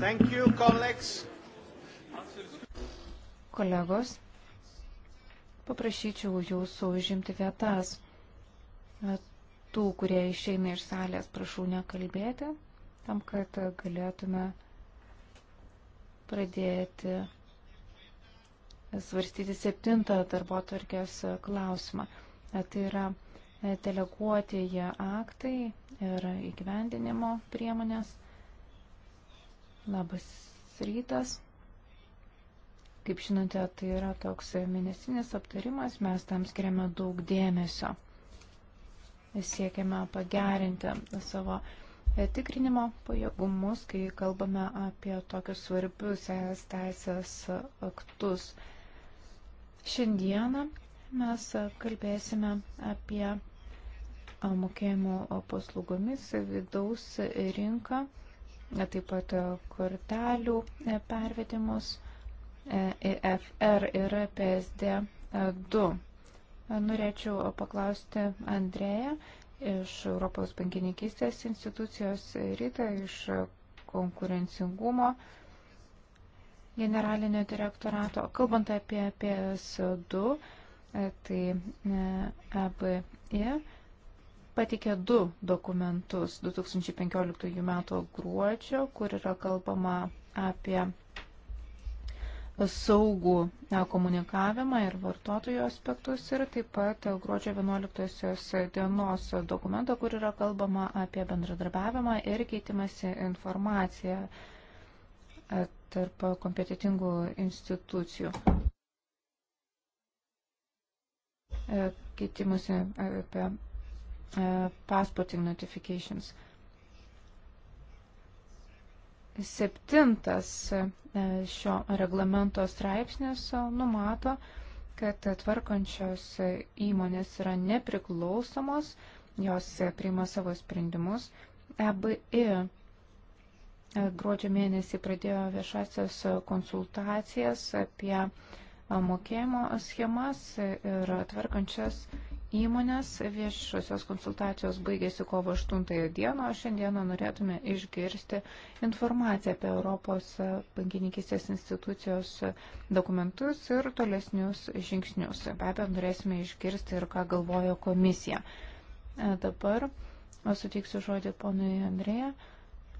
Thank you, colleagues. Kolegos, paprašyčiau jūsų užimti vietas. Tų, kurie išeina iš salės, prašau nekalbėti, tam, kad galėtume pradėti svarstyti septintą darbo tvarkės klausimą. Tai yra e, deleguotieji aktai ir įgyvendinimo priemonės. Labas rytas. Kaip žinote, tai yra toks mėnesinis aptarimas, mes tam skiriame daug dėmesio. Siekiame pagerinti savo tikrinimo pajėgumus, kai kalbame apie tokius svarbius ES teisės aktus. Šiandieną mes kalbėsime apie mokėjimų paslaugomis vidaus rinką taip pat e, kortelių e, pervedimus IFR e, ir PSD 2. Norėčiau paklausti Andrėją iš Europos bankininkystės institucijos rytą iš konkurencingumo generalinio direktorato. Kalbant apie PS2, tai ABI pateikė du dokumentus 2015 m. gruodžio, kur yra kalbama apie saugų komunikavimą ir vartotojų aspektus ir taip pat gruodžio 11 dienos dokumento, kur yra kalbama apie bendradarbiavimą ir keitimąsi informaciją tarp kompetitingų institucijų. Keitimusi apie E, passporting notifications. Septintas e, šio reglamento straipsnis e, numato, kad tvarkančios įmonės yra nepriklausomos, jos priima savo sprendimus. EBI gruodžio mėnesį pradėjo viešasias konsultacijas apie mokėjimo schemas ir tvarkančias įmonės įmonės. Viešosios konsultacijos baigėsi kovo 8 dieną, o šiandieną norėtume išgirsti informaciją apie Europos bankininkistės institucijos dokumentus ir tolesnius žingsnius. Be abejo, norėsime išgirsti ir ką galvojo komisija. E, dabar suteiksiu žodį ponui Andrėja.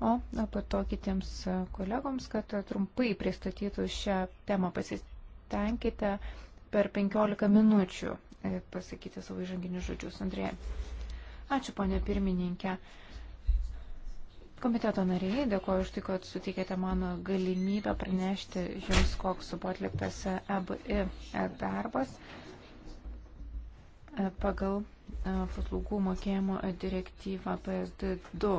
O po to kitiems kolegoms, kad trumpai pristatytų šią temą, pasistenkite per 15 minučių E, pasakyti savo įžanginius žodžius, Andrėja. Ačiū, ponė pirmininkė. Komiteto nariai, dėkoju už tai, kad suteikėte mano galimybę pranešti jums, koks buvo atliktas EBI darbas e, pagal e, paslaugų mokėjimo direktyvą PSD2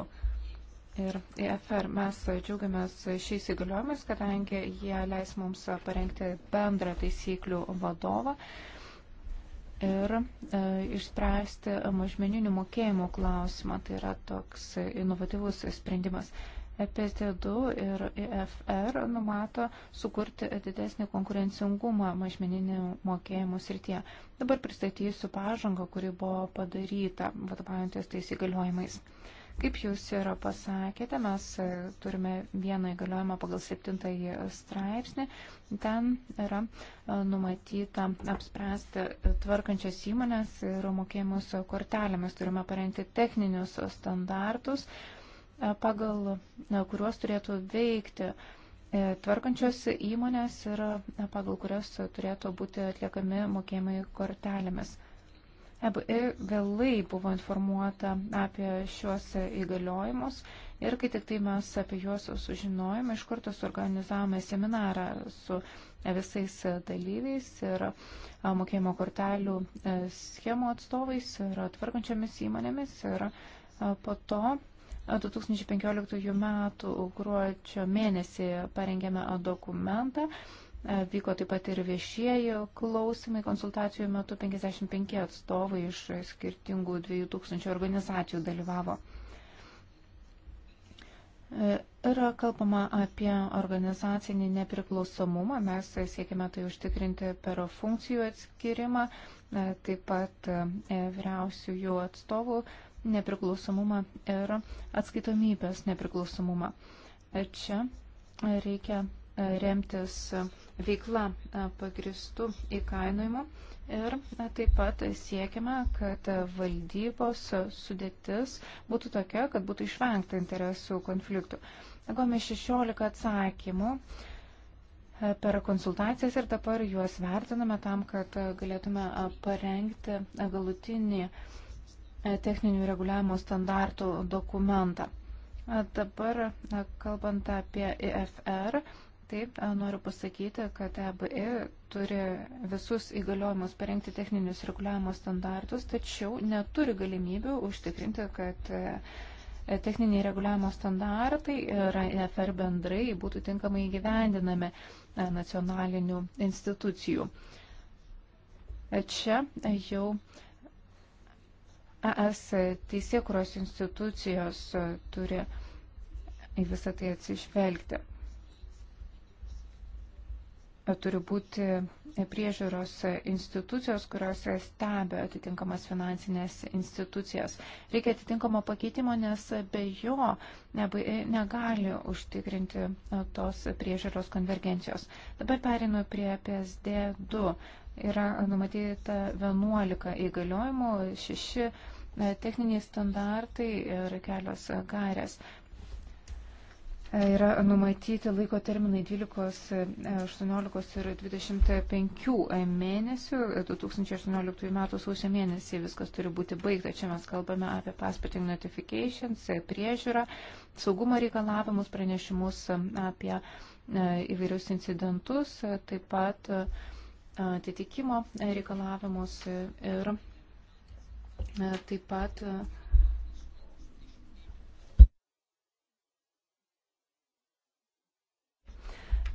ir EFR. Mes džiaugiamės šiais įgaliojimais, kadangi jie leis mums parengti bendrą taisyklių vadovą ir e, išspręsti mažmeninių mokėjimų klausimą. Tai yra toks inovatyvus sprendimas. E, EPT2 ir IFR numato sukurti didesnį konkurencingumą mažmeninių mokėjimų srityje. Dabar pristatysiu pažangą, kuri buvo padaryta vadovaujantis tais įgaliojimais. Kaip jūs ir pasakėte, mes turime vieną įgaliojimą pagal septintąjį straipsnį. Ten yra e, numatyta apspręsti tvarkančias įmonės ir mokėjimus kortelėmis. Turime parengti techninius standartus E, pagal e, kuriuos turėtų veikti e, tvarkančios įmonės ir pagal kurias turėtų būti atliekami mokėjimai kortelėmis. EBI vėlai buvo informuota apie šiuos įgaliojimus ir kai tik tai mes apie juos sužinojome, iš karto suorganizavome seminarą su visais dalyviais ir mokėjimo kortelių schemų atstovais ir tvarkančiomis įmonėmis ir po to 2015 m. gruodžio mėnesį parengėme dokumentą. E, vyko taip pat ir viešieji klausimai. Konsultacijų metu 55 atstovai iš skirtingų 2000 organizacijų dalyvavo. E, yra kalbama apie organizacinį nepriklausomumą. Mes siekime tai užtikrinti per funkcijų atskirimą, e, taip pat vyriausiųjų atstovų nepriklausomumą ir atskaitomybės nepriklausomumą. Čia reikia e, remtis veikla e, pagristų įkainojimu ir e, taip pat siekiame, kad valdybos sudėtis būtų tokia, kad būtų išvengta interesų konfliktų. Gome 16 atsakymų per konsultacijas ir dabar juos vertiname tam, kad galėtume parengti galutinį E, techninių reguliavimo standartų dokumentą. Dabar, e, kalbant apie IFR, e taip, noriu pasakyti, kad EBI turi visus įgaliojimus parengti techninius reguliavimo standartus, tačiau neturi galimybių užtikrinti, kad techniniai reguliavimo standartai ir IFR bendrai būtų tinkamai įgyvendinami nacionalinių institucijų. Čia jau ES teisėkuros institucijos e, turi į visą tai atsižvelgti. E, turi būti priežiūros institucijos, kurios stebi atitinkamas finansinės institucijas. Reikia atitinkamo pakeitimo, nes be jo negali užtikrinti e, tos priežiūros konvergencijos. Dabar perinu prie PSD 2 yra numatyta 11 įgaliojimų, 6 e, techniniai standartai ir kelios gairės. E, yra numatyti laiko terminai 12, 18 e, ir 25 mėnesių. 2018 m. sausio mėnesį viskas turi būti baigta. Čia mes kalbame apie paspirting notifications, priežiūrą, saugumo reikalavimus, pranešimus apie įvairius incidentus, taip pat atitikimo reikalavimus ir e, taip pat e,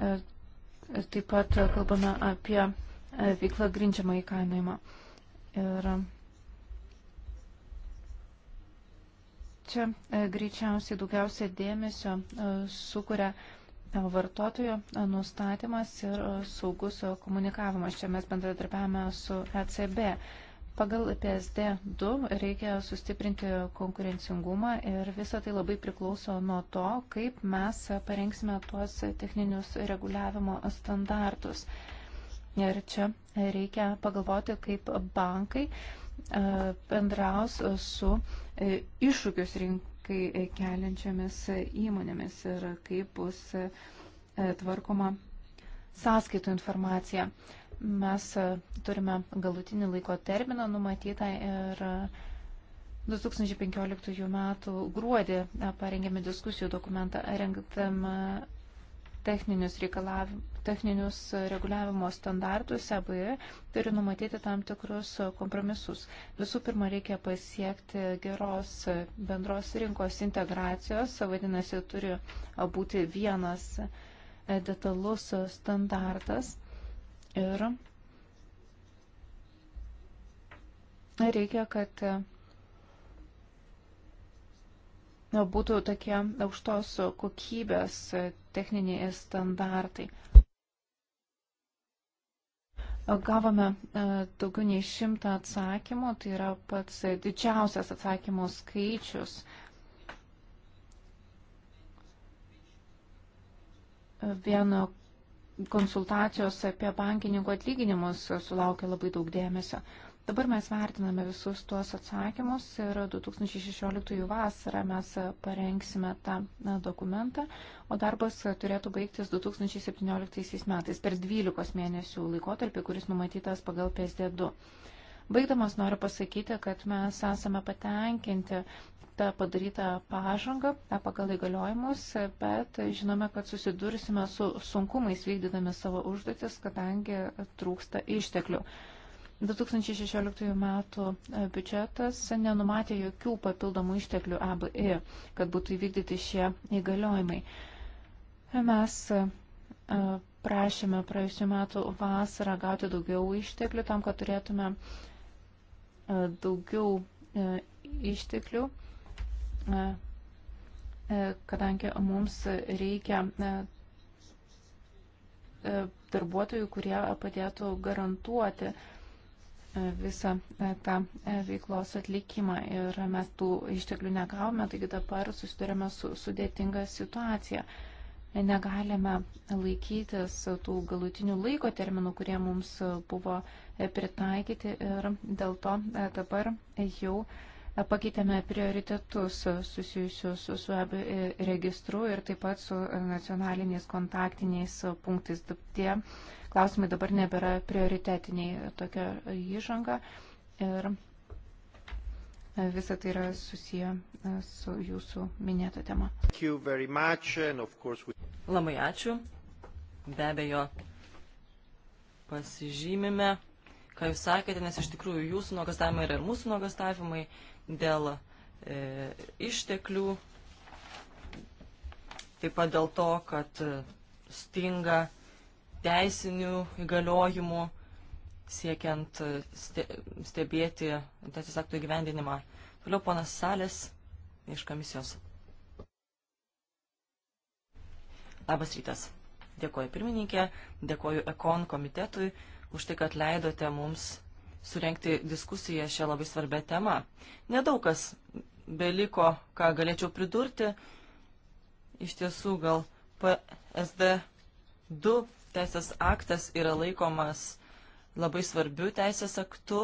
e, Taip pat kalbame apie veiklą grindžiamą įkainojimą. Ir čia greičiausiai daugiausia dėmesio sukuria vartotojo nustatymas ir saugus komunikavimas. Čia mes bendradarbiavame su ECB. Pagal PSD 2 reikia sustiprinti konkurencingumą ir visa tai labai priklauso nuo to, kaip mes parengsime tuos techninius reguliavimo standartus. Ir čia reikia pagalvoti, kaip bankai e, bendraus su e, iššūkius rinkti kai keliančiamis įmonėmis ir kaip bus e, tvarkoma sąskaitų informacija. Mes e, turime galutinį laiko terminą numatytą ir 2015 m. gruodį e, parengėme diskusijų dokumentą, rengtame techninius reikalavimus techninius reguliavimo standartus, EBI turi numatyti tam tikrus kompromisus. Visų pirma, reikia pasiekti geros bendros rinkos integracijos, vadinasi, turi būti vienas detalus standartas ir reikia, kad būtų tokie aukštos kokybės techniniai standartai. Gavome e, daugiau nei šimtą atsakymų, tai yra pats didžiausias atsakymų skaičius. Vieno konsultacijos apie bankininkų atlyginimus sulaukia labai daug dėmesio. Dabar mes vertiname visus tuos atsakymus ir 2016 vasarą mes parengsime tą dokumentą, o darbas turėtų baigtis 2017 metais per 12 mėnesių laikotarpį, kuris numatytas pagal PSD2. Baigdamas noriu pasakyti, kad mes esame patenkinti tą padarytą pažangą pagal įgaliojimus, bet žinome, kad susidursime su sunkumais vykdydami savo užduotis, kadangi trūksta išteklių. 2016 metų e, biudžetas nenumatė jokių papildomų išteklių ABI, kad būtų įvykdyti šie įgaliojimai. Mes e, e, prašėme praėjusiu metu vasarą gauti daugiau išteklių tam, kad turėtume daugiau išteklių, kadangi mums reikia darbuotojų, kurie padėtų garantuoti visą e, tą e, veiklos atlikimą ir mes tų išteklių negavome, taigi dabar susidurėme su sudėtinga situacija. Negalime laikytis tų galutinių laiko terminų, kurie mums buvo e, pritaikyti ir dėl to dabar jau pakeitėme prioritetus susijusius su abiu registru ir taip pat su nacionaliniais kontaktiniais punktais. Tie klausimai dabar nebėra prioritetiniai tokia įžanga ir visa tai yra susiję e, su jūsų minėta tema. Labai ačiū. Be abejo, pasižymime, ką jūs sakėte, nes iš tikrųjų jūsų nuogastavimai yra ir mūsų nuogastavimai dėl e, išteklių, taip pat dėl to, kad e, stinga e, teisinių įgaliojimų siekiant e, stebėti teisės aktų įgyvendinimą. Toliau ponas Salės iš komisijos. Labas rytas. Dėkoju pirmininkė, dėkoju Ekon komitetui už tai, kad leidote mums surenkti diskusiją šią labai svarbę temą. Nedaug kas beliko, ką galėčiau pridurti. Iš tiesų gal PSD 2 teisės aktas yra laikomas labai svarbiu teisės aktu.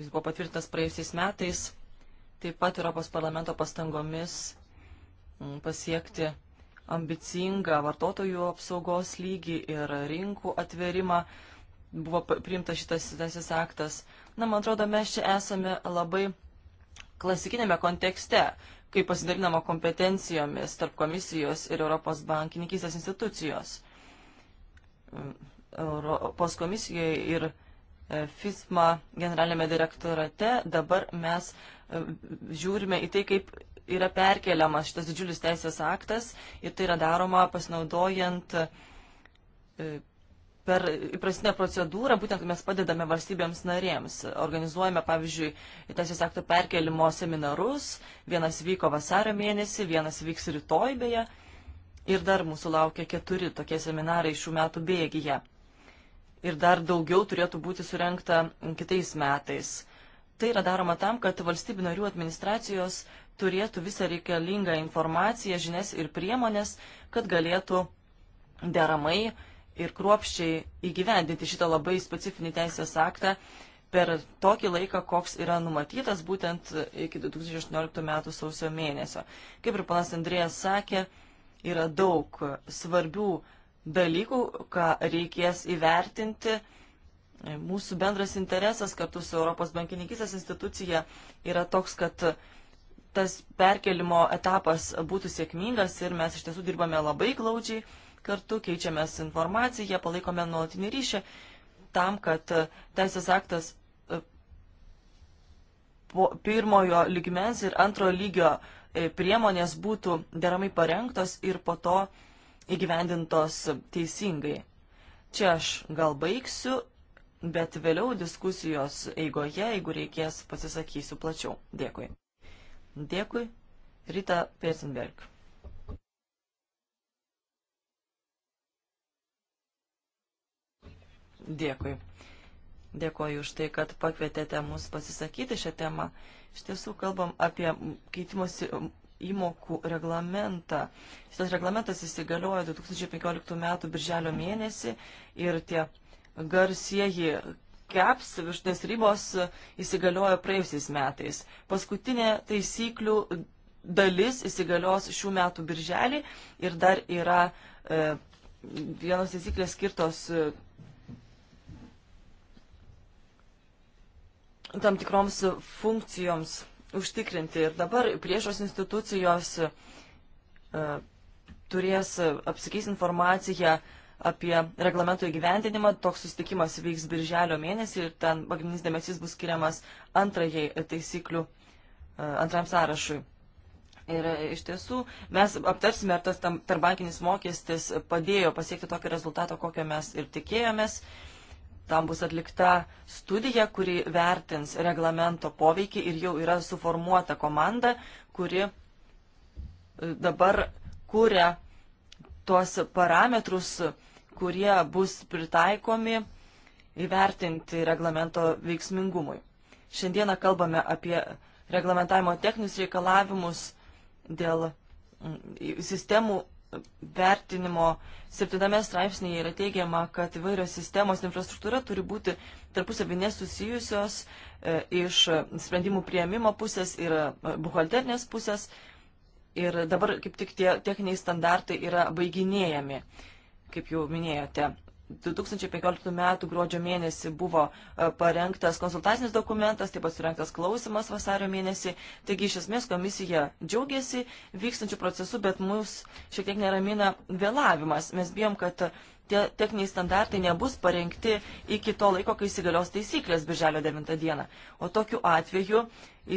Jis buvo patvirtintas praėjusiais metais. Taip pat Europos parlamento pastangomis mm, pasiekti ambicingą vartotojų apsaugos lygį ir rinkų atverimą buvo priimtas šitas teisės aktas. Na, man atrodo, mes čia esame labai klasikinėme kontekste, kai pasidalinama kompetencijomis tarp komisijos ir Europos bankininkystės institucijos. Europos komisijoje ir e, FISMA generalinėme direktorate dabar mes e, žiūrime į tai, kaip yra perkeliamas šitas didžiulis teisės aktas ir tai yra daroma pasinaudojant e, per įprastinę procedūrą, būtent mes padedame valstybėms narėms. Organizuojame, pavyzdžiui, teisės akto perkelimo seminarus, vienas vyko vasario mėnesį, vienas vyks rytoj beje. Mhm Ir dar mūsų laukia keturi tokie seminarai šių metų bėgyje. Ir dar daugiau turėtų būti surenkta kitais metais. Tai yra daroma tam, kad valstybių narių administracijos turėtų visą reikalingą informaciją, žinias ir priemonės, kad galėtų deramai ir kruopščiai įgyvendinti šitą labai specifinį teisės aktą per tokį laiką, koks yra numatytas būtent iki 2018 metų sausio mėnesio. Kaip ir panas Andrėjas sakė, yra daug svarbių dalykų, ką reikės įvertinti. Mūsų bendras interesas kartu su Europos bankininkistės institucija yra toks, kad tas perkelimo etapas būtų sėkmingas ir mes iš tiesų dirbame labai glaudžiai kartu, keičiamės informaciją, palaikome nuolatinį ryšį tam, kad teisės aktas e, pirmojo ligmens ir antrojo lygio uh, E, priemonės būtų deramai parengtos ir po to įgyvendintos teisingai. Čia aš gal baigsiu, bet vėliau diskusijos eigoje, jeigu reikės, pasisakysiu plačiau. Dėkui. Dėkui. Rita Persenberg. Dėkui. Dėkoju už tai, kad pakvietėte mus pasisakyti šią temą. Iš tiesų kalbam apie keitimosi įmokų reglamentą. Šitas reglamentas įsigaliojo 2015 m. birželio mėnesį ir tie garsieji keps viršutinės ribos įsigaliojo praėjusiais metais. Paskutinė taisyklių dalis įsigalios šių metų birželį ir dar yra e, vienos taisyklės skirtos tam tikroms funkcijoms užtikrinti. Ir dabar priešos institucijos e, turės apsikeis informaciją apie reglamento įgyvendinimą. Toks susitikimas vyks birželio mėnesį ir ten pagrindinis dėmesys bus skiriamas antrajai taisyklių, e, antram sąrašui. Ir e, iš tiesų mes aptarsime, ar tas tarbankinis mokestis padėjo pasiekti tokį rezultatą, kokio mes ir tikėjomės. E, Tam bus atlikta studija, kuri vertins reglamento poveikį ir jau yra suformuota komanda, kuri e, dabar kūrė tuos parametrus, kurie bus pritaikomi įvertinti reglamento veiksmingumui. Šiandieną kalbame apie reglamentavimo techninius reikalavimus dėl sistemų vertinimo septintame straipsnėje yra teigiama, kad įvairios sistemos infrastruktūra turi būti tarpusavį nesusijusios e, iš sprendimų prieimimo pusės ir e, buhalternės pusės. Ir dabar kaip tik tie techniniai standartai yra baiginėjami, kaip jau minėjote. 2015 m. gruodžio mėnesį buvo e, parengtas konsultacinis dokumentas, taip pat surinktas klausimas vasario mėnesį. Taigi iš esmės komisija džiaugiasi vykstančių procesų, bet mus šiek tiek neramina vėlavimas. Mes bijom, kad tie techniniai standartai nebus parengti iki to laiko, kai įsigalios taisyklės birželio 9 dieną. O tokiu atveju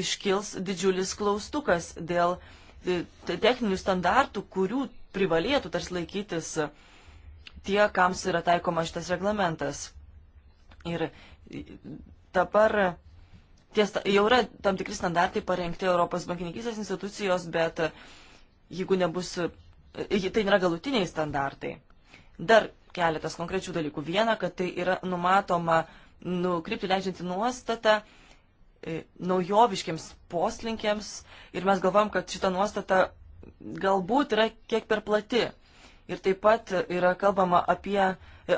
iškils didžiulis klaustukas dėl e, techninių standartų, kurių privalėtų tarsi laikytis uh, tie, kams yra taikoma šitas reglamentas. Ir dabar ties, jau yra tam tikri standartai parengti Europos bankininkysės institucijos, bet jeigu nebus, tai nėra galutiniai standartai. Dar keletas konkrečių dalykų. Viena, kad tai yra numatoma nukrypti leidžianti nuostatą naujoviškiams poslinkiams ir mes galvojam, kad šita nuostata galbūt yra kiek per plati. Ir taip pat yra kalbama apie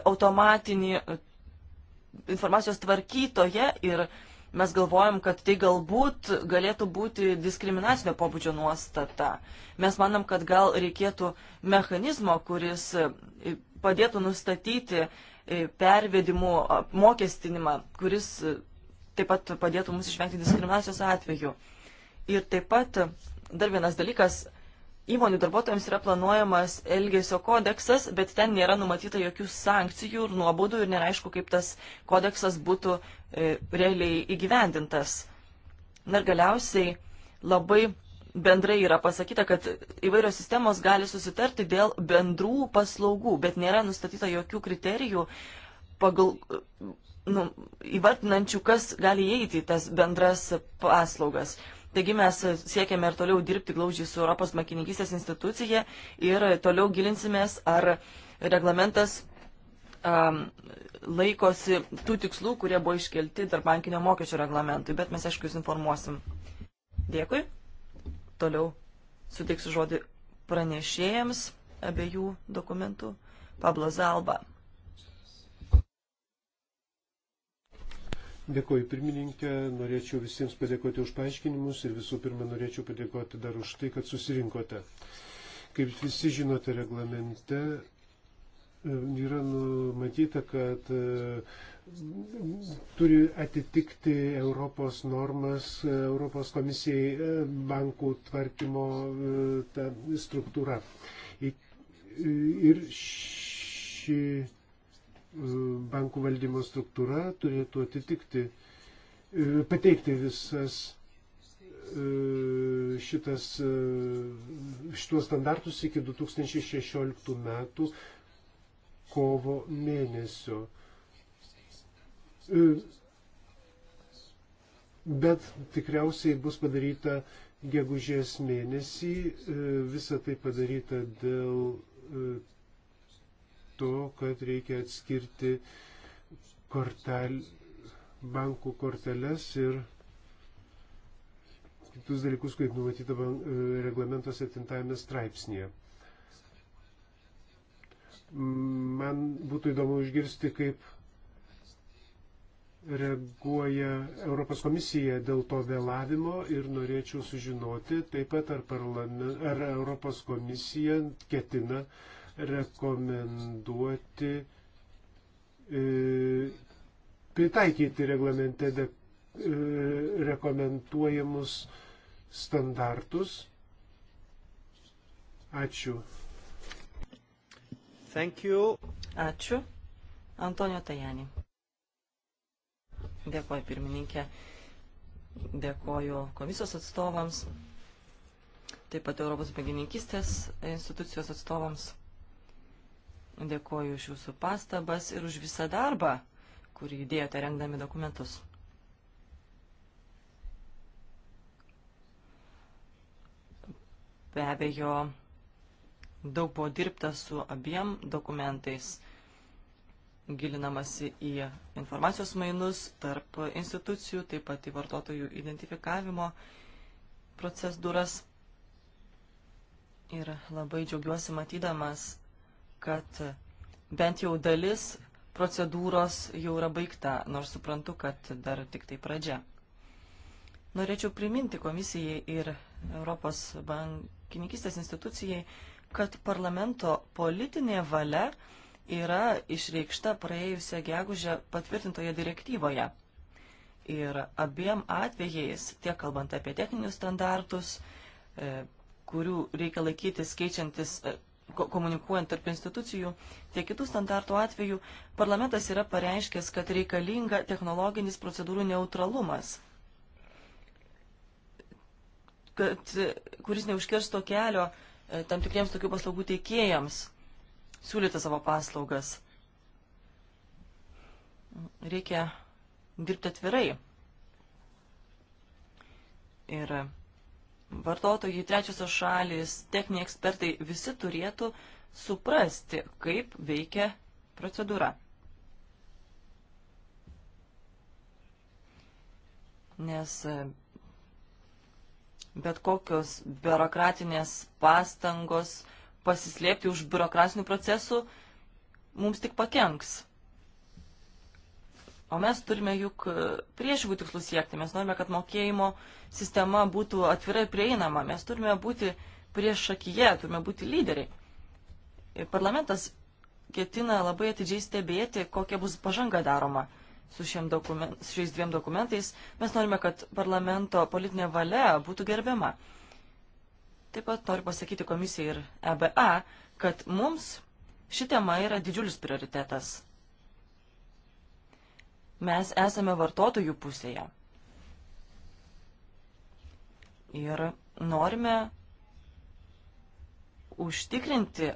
automatinį informacijos tvarkytoje ir mes galvojam, kad tai galbūt galėtų būti diskriminacinio pobūdžio nuostata. Mes manom, kad gal reikėtų mechanizmo, kuris padėtų nustatyti pervedimų apmokestinimą, kuris taip pat padėtų mums išvengti diskriminacijos atveju. Ir taip pat dar vienas dalykas, įmonių darbuotojams yra planuojamas Elgesio kodeksas, bet ten nėra numatyta jokių sankcijų ir nuobaudų ir neaišku, kaip tas kodeksas būtų e, realiai įgyvendintas. Na ir galiausiai labai bendrai yra pasakyta, kad įvairios sistemos gali susitarti dėl bendrų paslaugų, bet nėra nustatyta jokių kriterijų pagal, nu, įvardinančių, kas gali įeiti į tas bendras paslaugas. Taigi mes siekiame ir toliau dirbti glaudžiai su Europos makininkystės institucija ir toliau gilinsimės, ar reglamentas um, laikosi tų tikslų, kurie buvo iškelti tarp bankinio mokesčio reglamentui, bet mes aišku jūs informuosim. Dėkui. Toliau suteiksiu žodį pranešėjams abiejų dokumentų. Pablo Zalba. Dėkoju pirmininkė, norėčiau visiems padėkoti už paaiškinimus ir visų pirma norėčiau padėkoti dar už tai, kad susirinkote. Kaip visi žinote, reglamente e, yra numatyta, kad e, turi atitikti Europos normas, e, Europos komisijai bankų tvarkymo struktūra. Ir ši bankų valdymo struktūra turėtų atitikti, e, pateikti visas e, šitas, e, šituos standartus iki 2016 metų kovo mėnesio. Bet tikriausiai bus padaryta gegužės mėnesį, visa tai padaryta dėl to, kad reikia atskirti kortel, bankų korteles ir kitus dalykus, kaip numatyta e, reglamento 7 straipsnėje. Man būtų įdomu išgirsti, kaip reaguoja Europos komisija dėl to vėlavimo ir norėčiau sužinoti taip pat, ar, parlamen, ar Europos komisija ketina uh, rekomenduoti e, pritaikyti reglamente de, e, rekomenduojamus standartus. Ačiū. Thank you. Ačiū. Antonio Tajani. Dėkuoju pirmininkė, dėkuoju komisijos atstovams, taip pat Europos bankininkistės institucijos atstovams. Dėkoju už jūsų pastabas ir už visą darbą, kurį įdėjote rengdami dokumentus. Be abejo, daug buvo dirbta su abiem dokumentais, gilinamasi į informacijos mainus tarp institucijų, taip pat į vartotojų identifikavimo procedūras. Ir labai džiaugiuosi matydamas kad bent jau dalis procedūros jau yra baigta, nors suprantu, kad dar tik tai pradžia. Norėčiau priminti komisijai ir Europos bankininkistės institucijai, kad parlamento politinė valia yra išreikšta praėjusią gegužę patvirtintoje direktyvoje. Ir abiem atvejais, tiek kalbant apie techninius standartus, e, kurių reikia laikytis keičiantis e, komunikuojant tarp institucijų, tiek kitų standartų atveju, parlamentas yra pareiškęs, kad reikalinga technologinis procedūrų neutralumas, kad, kuris neužkirsto kelio e, tam tikriems tokių paslaugų teikėjams siūlyti savo paslaugas. Reikia dirbti atvirai. Ir vartotojai, trečiosios šalis, techniniai ekspertai, visi turėtų suprasti, kaip veikia procedūra. Nes e, bet kokios biurokratinės pastangos pasislėpti už biurokratinių procesų mums tik pakenks. O mes turime juk e, priešingų tikslų siekti. Mes norime, kad mokėjimo sistema būtų atvirai prieinama. Mes turime būti prieš akiją, turime būti lyderiai. Ir parlamentas ketina labai atidžiai stebėti, kokia bus pažanga daroma su, dokument, su šiais dviem dokumentais. Mes norime, kad parlamento politinė valia būtų gerbiama. Taip pat noriu pasakyti komisijai ir EBA, kad mums ši tema yra didžiulis prioritetas mes esame vartotojų pusėje. Ir norime užtikrinti,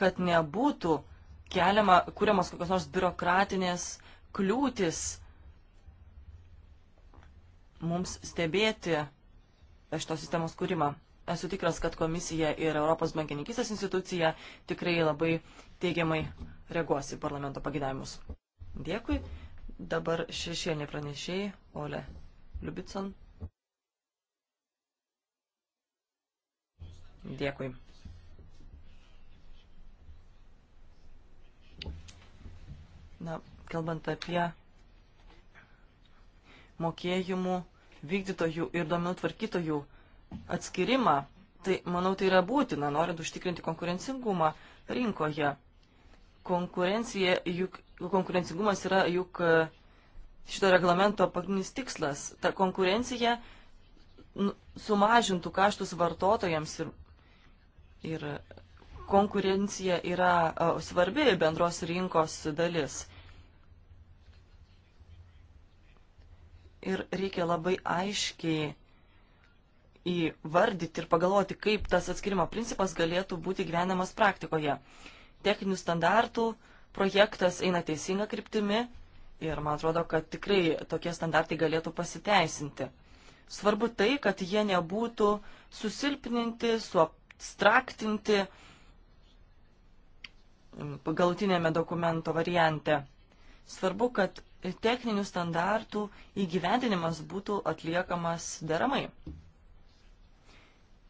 kad nebūtų keliama, kuriamas kokios nors biurokratinės kliūtis mums stebėti šitos sistemos kūrimą. Esu tikras, kad komisija ir Europos bankininkistės institucija tikrai labai teigiamai reaguos į parlamento pagidavimus. Dėkui. Dabar šešienė pranešėjai, Ole Liubicon. Dėkui. Na, kalbant apie mokėjimų vykdytojų ir duomenų tvarkytojų atskirimą, tai manau tai yra būtina, norint užtikrinti konkurencingumą rinkoje konkurencija, juk konkurencingumas yra juk e, šito reglamento pagrindinis tikslas. Ta konkurencija sumažintų kaštus vartotojams ir, ir konkurencija yra e, svarbi bendros rinkos dalis. Ir reikia labai aiškiai įvardyti ir pagalvoti, kaip tas atskirimo principas galėtų būti gyvenamas praktikoje. Uh, techninių standartų projektas eina teisinga kryptimi ir man atrodo, kad tikrai tokie standartai galėtų pasiteisinti. Svarbu tai, kad jie nebūtų susilpninti, suabstraktinti galutinėme dokumento variante. Svarbu, kad techninių standartų įgyvendinimas būtų atliekamas deramai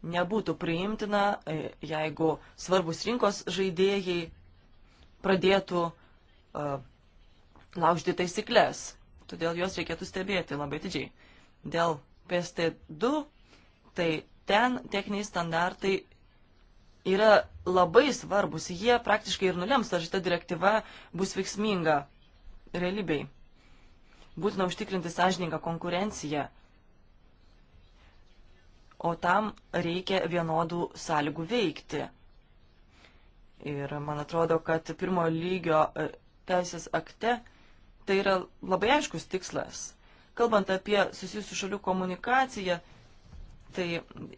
nebūtų priimtina, e, jeigu svarbus rinkos žaidėjai pradėtų uh, e, laužti taisyklės. Todėl juos reikėtų stebėti labai didžiai. Dėl PST2, tai ten techniniai standartai yra labai svarbus. Jie praktiškai ir nulems, ar šita direktyva bus veiksminga realybei. Būtina užtikrinti sąžininką konkurenciją o tam reikia vienodų sąlygų veikti. Ir man atrodo, kad pirmo lygio e, teisės akte tai yra labai aiškus tikslas. Kalbant apie susijusių šalių komunikaciją, tai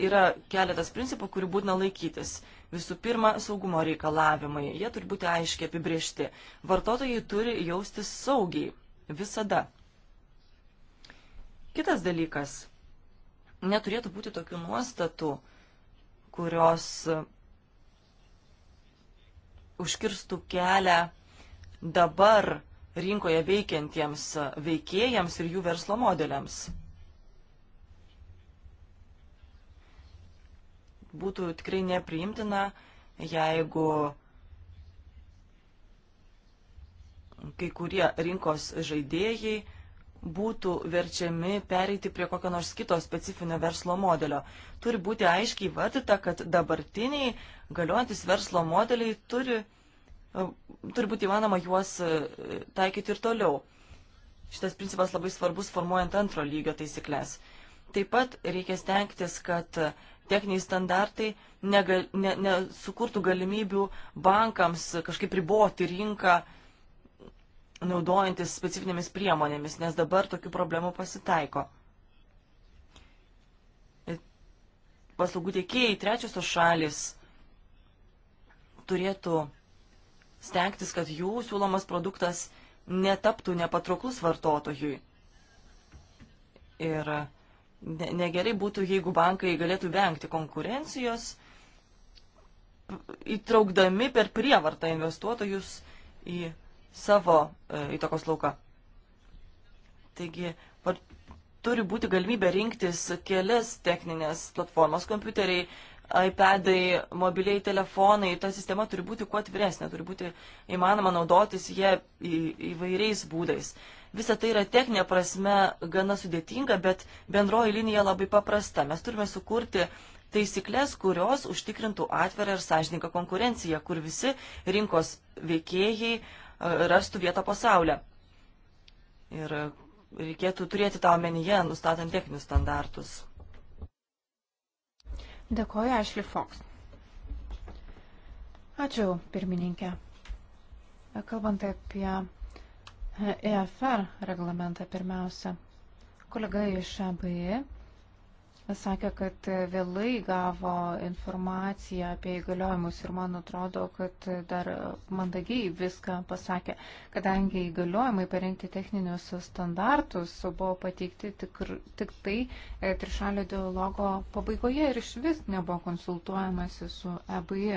yra keletas principų, kurių būtina laikytis. Visų pirma, saugumo reikalavimai. Jie turi būti aiškiai apibriežti. Vartotojai turi jaustis saugiai. Visada. Kitas dalykas neturėtų būti tokių nuostatų, kurios užkirstų kelią dabar rinkoje veikiantiems veikėjams ir jų verslo modeliams. Būtų tikrai nepriimtina, jeigu kai kurie rinkos žaidėjai būtų verčiami pereiti prie kokio nors kito specifinio verslo modelio. Turi būti aiškiai vardyta, kad dabartiniai galiojantis verslo modeliai turi, e, turi būti įmanoma juos e, taikyti ir toliau. Šitas principas labai svarbus formuojant antro lygio taisyklės. Taip pat reikia stengtis, kad techniniai standartai nesukurtų ne, ne galimybių bankams kažkaip riboti rinką uh, naudojantis specifinėmis priemonėmis, nes dabar tokių problemų pasitaiko. Paslaugų tiekėjai, trečiosios šalis turėtų stengtis, kad jų siūlomas produktas netaptų nepatrauklus vartotojui. Ir negerai būtų, jeigu bankai galėtų vengti konkurencijos, įtraukdami per prievartą investuotojus į savo e, įtakos lauką. Taigi, turi būti galimybė rinktis kelias techninės platformas, kompiuteriai, iPadai, mobiliai telefonai. Ta sistema turi būti kuo atviresnė, turi būti įmanoma naudotis jie įvairiais būdais. Visa tai yra techninė prasme gana sudėtinga, bet bendroji linija labai paprasta. Mes turime sukurti taisyklės, kurios užtikrintų atvirą ir sąžininką konkurenciją, kur visi rinkos veikėjai rastų vietą pasaulę. Ir reikėtų turėti tą omenyje, nustatant techninius standartus. Dėkoju, Ashley Fox. Ačiū, pirmininkė. Kalbant apie EFR reglamentą pirmiausia, kolega iš ABI e sakė, kad vėlai gavo informaciją apie įgaliojimus ir man atrodo, kad dar mandagiai viską pasakė, kadangi įgaliojimai parengti techninius standartus buvo pateikti tik, tik tai e, trišalio dialogo pabaigoje ir iš vis nebuvo konsultuojamasi su EBI.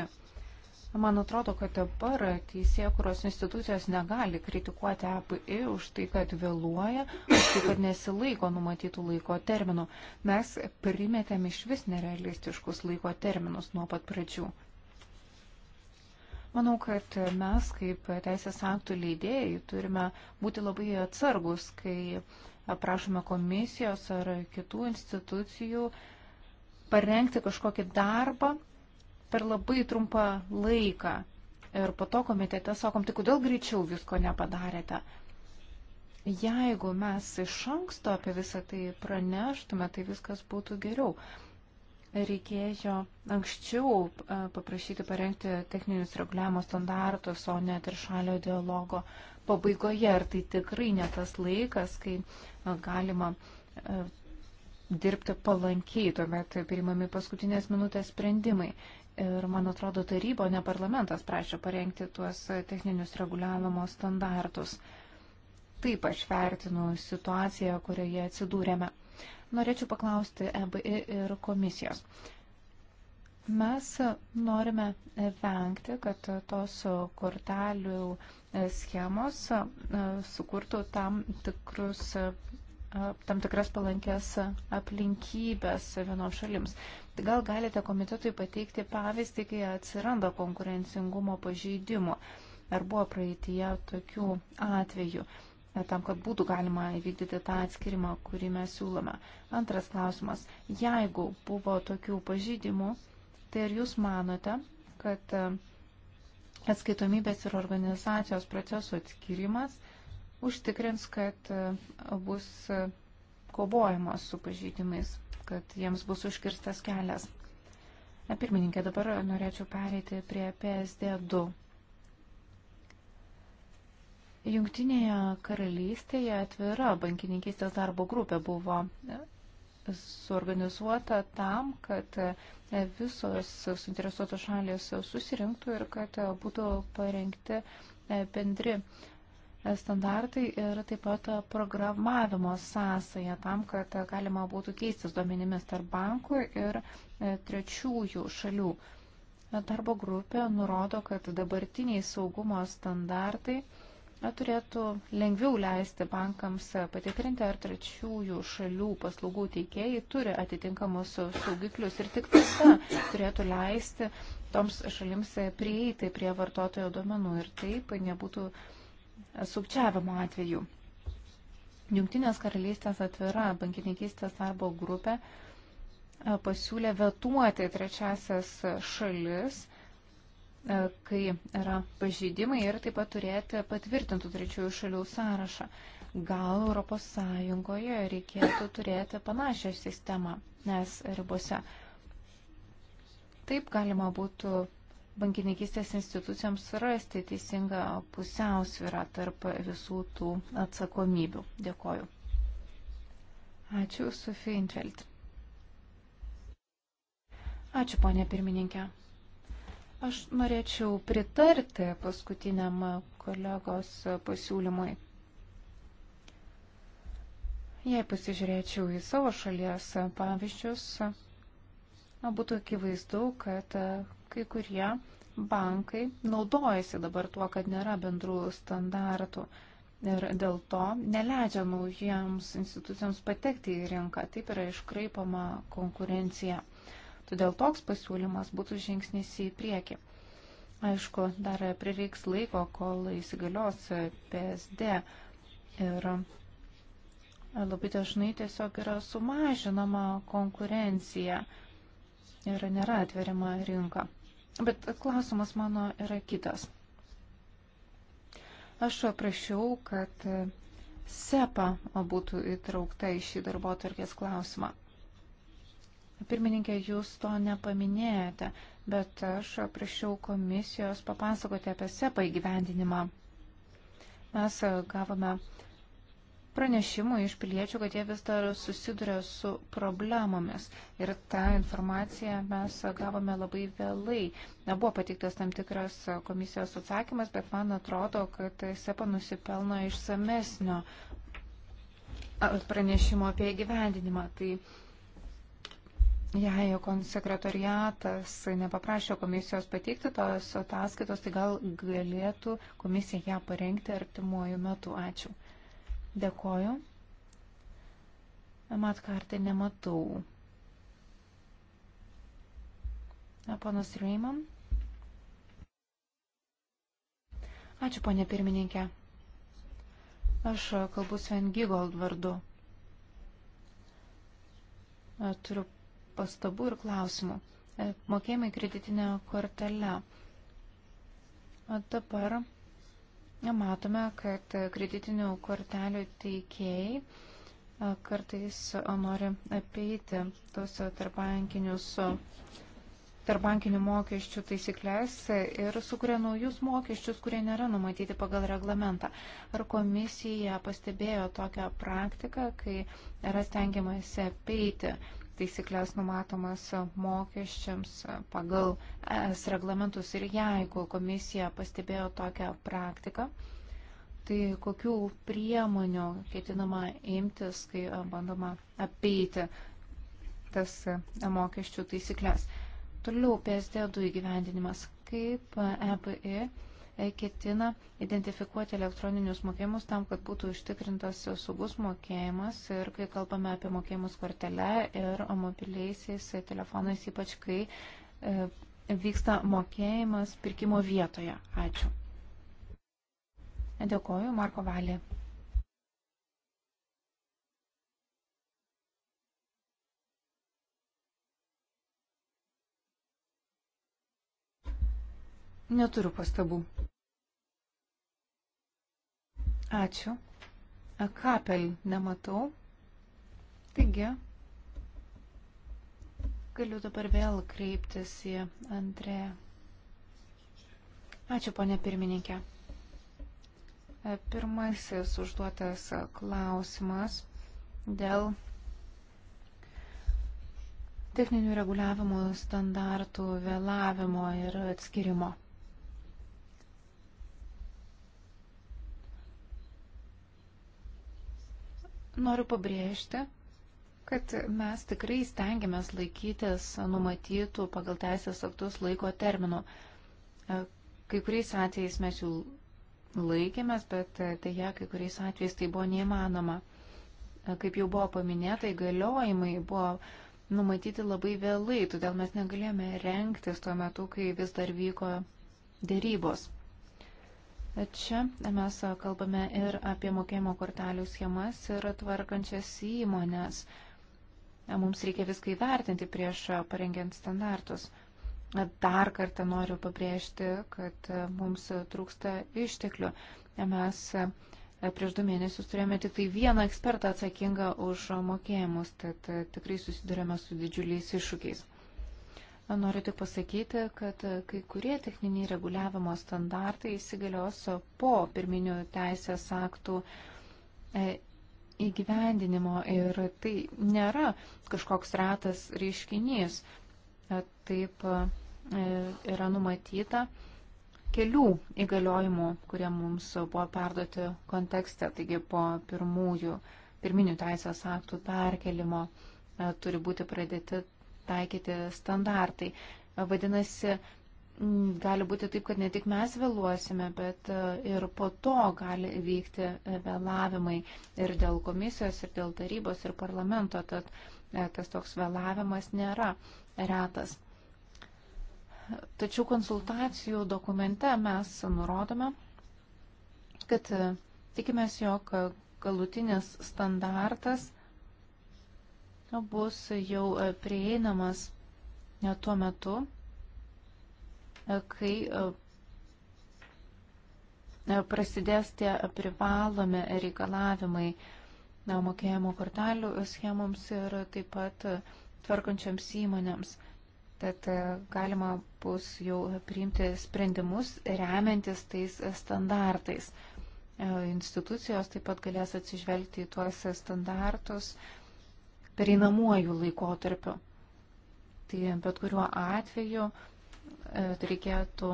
Man atrodo, kad dabar teisėkuros institucijos negali kritikuoti API už tai, kad vėluoja, už tai, kad nesilaiko numatytų laiko terminų. Mes primetėm iš vis nerealistiškus laiko terminus nuo pat pradžių. Manau, kad mes kaip teisės aktų leidėjai turime būti labai atsargus, kai prašome komisijos ar kitų institucijų parengti kažkokį darbą, per labai trumpą laiką. Ir po to komitete sakom, tai kodėl greičiau visko nepadarėte? Jeigu mes iš anksto apie visą tai praneštume, tai viskas būtų geriau. Reikėjo anksčiau paprašyti parengti techninius reguliavimo standartus, o net ir šalio dialogo pabaigoje. Ir tai tikrai ne tas laikas, kai galima dirbti palankiai, tuomet priimami paskutinės minutės sprendimai. Ir, man atrodo, taryba, ne parlamentas prašė parengti tuos techninius reguliavimo standartus. Taip aš vertinu situaciją, kurioje atsidūrėme. Norėčiau paklausti EBI ir komisijos. Mes norime vengti, kad tos kortelių schemos sukurtų tam tikrus tam tikras palankės aplinkybės vienom šalims. Tai gal galite komitetui pateikti pavyzdį, kai atsiranda konkurencingumo pažeidimų? Ar buvo praeitie tokių atvejų? E, tam, kad būtų galima įvykdyti tą atskirimą, kurį mes siūlome. Antras klausimas. Jeigu buvo tokių pažydimų, tai ar jūs manote, kad e, atskaitomybės ir organizacijos procesų atskirimas – užtikrins, kad e, bus e, kovojama su pažydimais, kad jiems bus užkirstas kelias. Pirmininkė, dabar norėčiau pereiti prie PSD2. Jungtinėje karalystėje atvira bankininkystės darbo grupė buvo e, suorganizuota tam, kad visos suinteresuotos šalės susirinktų ir kad būtų parengti bendri standartai ir taip pat programavimo sąsaja tam, kad galima būtų keistis duomenimis tarp bankų ir e, trečiųjų šalių. Darbo grupė nurodo, kad dabartiniai saugumo standartai e, turėtų lengviau leisti bankams patikrinti, ar trečiųjų šalių paslaugų teikėjai turi atitinkamus saugiklius ir tik tada turėtų leisti toms šalims prieiti prie vartotojo duomenų ir taip nebūtų uh, sukčiavimo atveju. Junktinės karalystės atvira bankininkystės darbo grupė pasiūlė vetuoti trečiasias šalis, kai yra pažydimai ir taip pat turėti patvirtintų trečiųjų šalių sąrašą. Gal ES reikėtų turėti panašią sistemą, nes ribose. Taip galima būtų bankininkistės institucijoms rasti teisingą pusiausvyrą tarp visų tų atsakomybių. Dėkoju. Ačiū, Sofija Intveld. Ačiū, ponė pirmininkė. Aš norėčiau pritarti paskutiniam kolegos pasiūlymui. Jei pasižiūrėčiau į savo šalies pavyzdžius, būtų akivaizdu, kad e, kai kurie bankai naudojasi dabar tuo, kad nėra bendrų standartų ir dėl to neleidžia naujiems institucijoms patekti į rinką. Taip yra iškraipama konkurencija. Todėl toks pasiūlymas būtų žingsnis į priekį. Aišku, dar prireiks laiko, kol įsigalios PSD ir labai dažnai tiesiog yra sumažinama konkurencija ir nėra atveriama rinka. Bet klausimas mano yra kitas. Aš prašiau, kad SEPA būtų įtraukta į šį darbo atvarkės klausimą. Pirmininkė, jūs to nepaminėjote, bet aš prašiau komisijos papasakoti apie SEPA įgyvendinimą. Mes gavome pranešimų iš piliečių, kad jie vis dar susiduria su problemomis. Ir tą informaciją mes gavome labai vėlai. Nebuvo pateiktas tam tikras komisijos atsakymas, bet man atrodo, kad SEPA nusipelno išsamesnio pranešimo apie gyvendinimą. Tai jei konsekretariatas nepaprašė komisijos pateikti tos ataskaitos, tai gal galėtų komisija ją parengti artimuoju metu. Ačiū. Dėkoju. Matkartį nematau. Panas Reiman. Ačiū, ponė pirmininkė. Aš kalbu Sven Gigold vardu. E, turiu pastabų ir klausimų. E, mokėjimai kreditinė kortelė. E, dabar matome, kad kreditinių kortelių teikėjai kartais nori apeiti tos tarpankinių mokesčių taisyklės ir sukuria naujus mokesčius, kurie nėra numatyti pagal reglamentą. Ar komisija pastebėjo tokią praktiką, kai yra stengiamasi apeiti taisyklės numatomas mokesčiams pagal ES reglamentus ir jeigu komisija pastebėjo tokią praktiką, tai kokių priemonių ketinama imtis, kai bandoma apeiti tas mokesčių taisyklės. Toliau PSD2 įgyvendinimas. Kaip EPI E, ketina identifikuoti elektroninius mokėjimus tam, kad būtų užtikrintas saugus mokėjimas ir kai kalbame apie mokėjimus kortelę ir mobiliaisiais telefonais, ypač kai e, vyksta mokėjimas pirkimo vietoje. Ačiū. Dėkoju, Marko Valė. Neturiu pastabų. Ačiū. Kapel nematau. Taigi, galiu dabar vėl kreiptis į antrę. Ačiū, ponė pirmininkė. Pirmasis užduotas klausimas dėl techninių reguliavimo standartų vėlavimo ir atskirimo. Noriu pabrėžti, kad mes tikrai stengiamės laikytis numatytų pagal teisės aktus laiko terminų. E, kai kuriais atvejais mes jų laikėmės, bet e, dėja, kai kuriais atvejais tai buvo neįmanoma. E, kaip jau buvo paminėta, įgaliojimai buvo numatyti labai vėlai, todėl mes negalėjome renktis tuo metu, kai vis dar vyko dėrybos. Čia mes kalbame ir apie mokėjimo kortelių schemas ir tvarkančias įmonės. Mums reikia viską įvertinti prieš parengiant standartus. Dar kartą noriu pabrėžti, kad mums trūksta išteklių. Mes e, prieš du mėnesius turėjome tik tai vieną ekspertą atsakingą už mokėjimus, tad e, tikrai susidurėme su didžiuliais iššūkiais. Noriu tik pasakyti, kad kai kurie techniniai reguliavimo standartai įsigalios po pirminių teisės aktų e, įgyvendinimo ir tai nėra kažkoks retas reiškinys. E, taip e, yra numatyta kelių įgaliojimų, kurie mums buvo perduoti kontekste, taigi po pirmųjų, pirminių teisės aktų perkelimo turi būti pradėti taikyti standartai. Vadinasi, gali būti taip, kad ne tik mes vėluosime, bet e, ir po to gali vykti e, vėlavimai ir dėl komisijos, ir dėl tarybos, ir parlamento, tad e, tas toks vėlavimas nėra retas. Tačiau konsultacijų dokumente mes nurodome, kad tikimės, jog galutinis standartas – Nu, bus jau e, prieinamas e, tuo metu, e, kai prasidės tie privalomi reikalavimai mokėjimo kortelių schemoms ir taip pat tvarkančiams įmonėms. Tad galima bus jau priimti sprendimus remiantis tais standartais. Institucijos taip pat galės atsižvelgti į tuos standartus pereinamuoju laikotarpiu. Tai bet kuriuo atveju tai reikėtų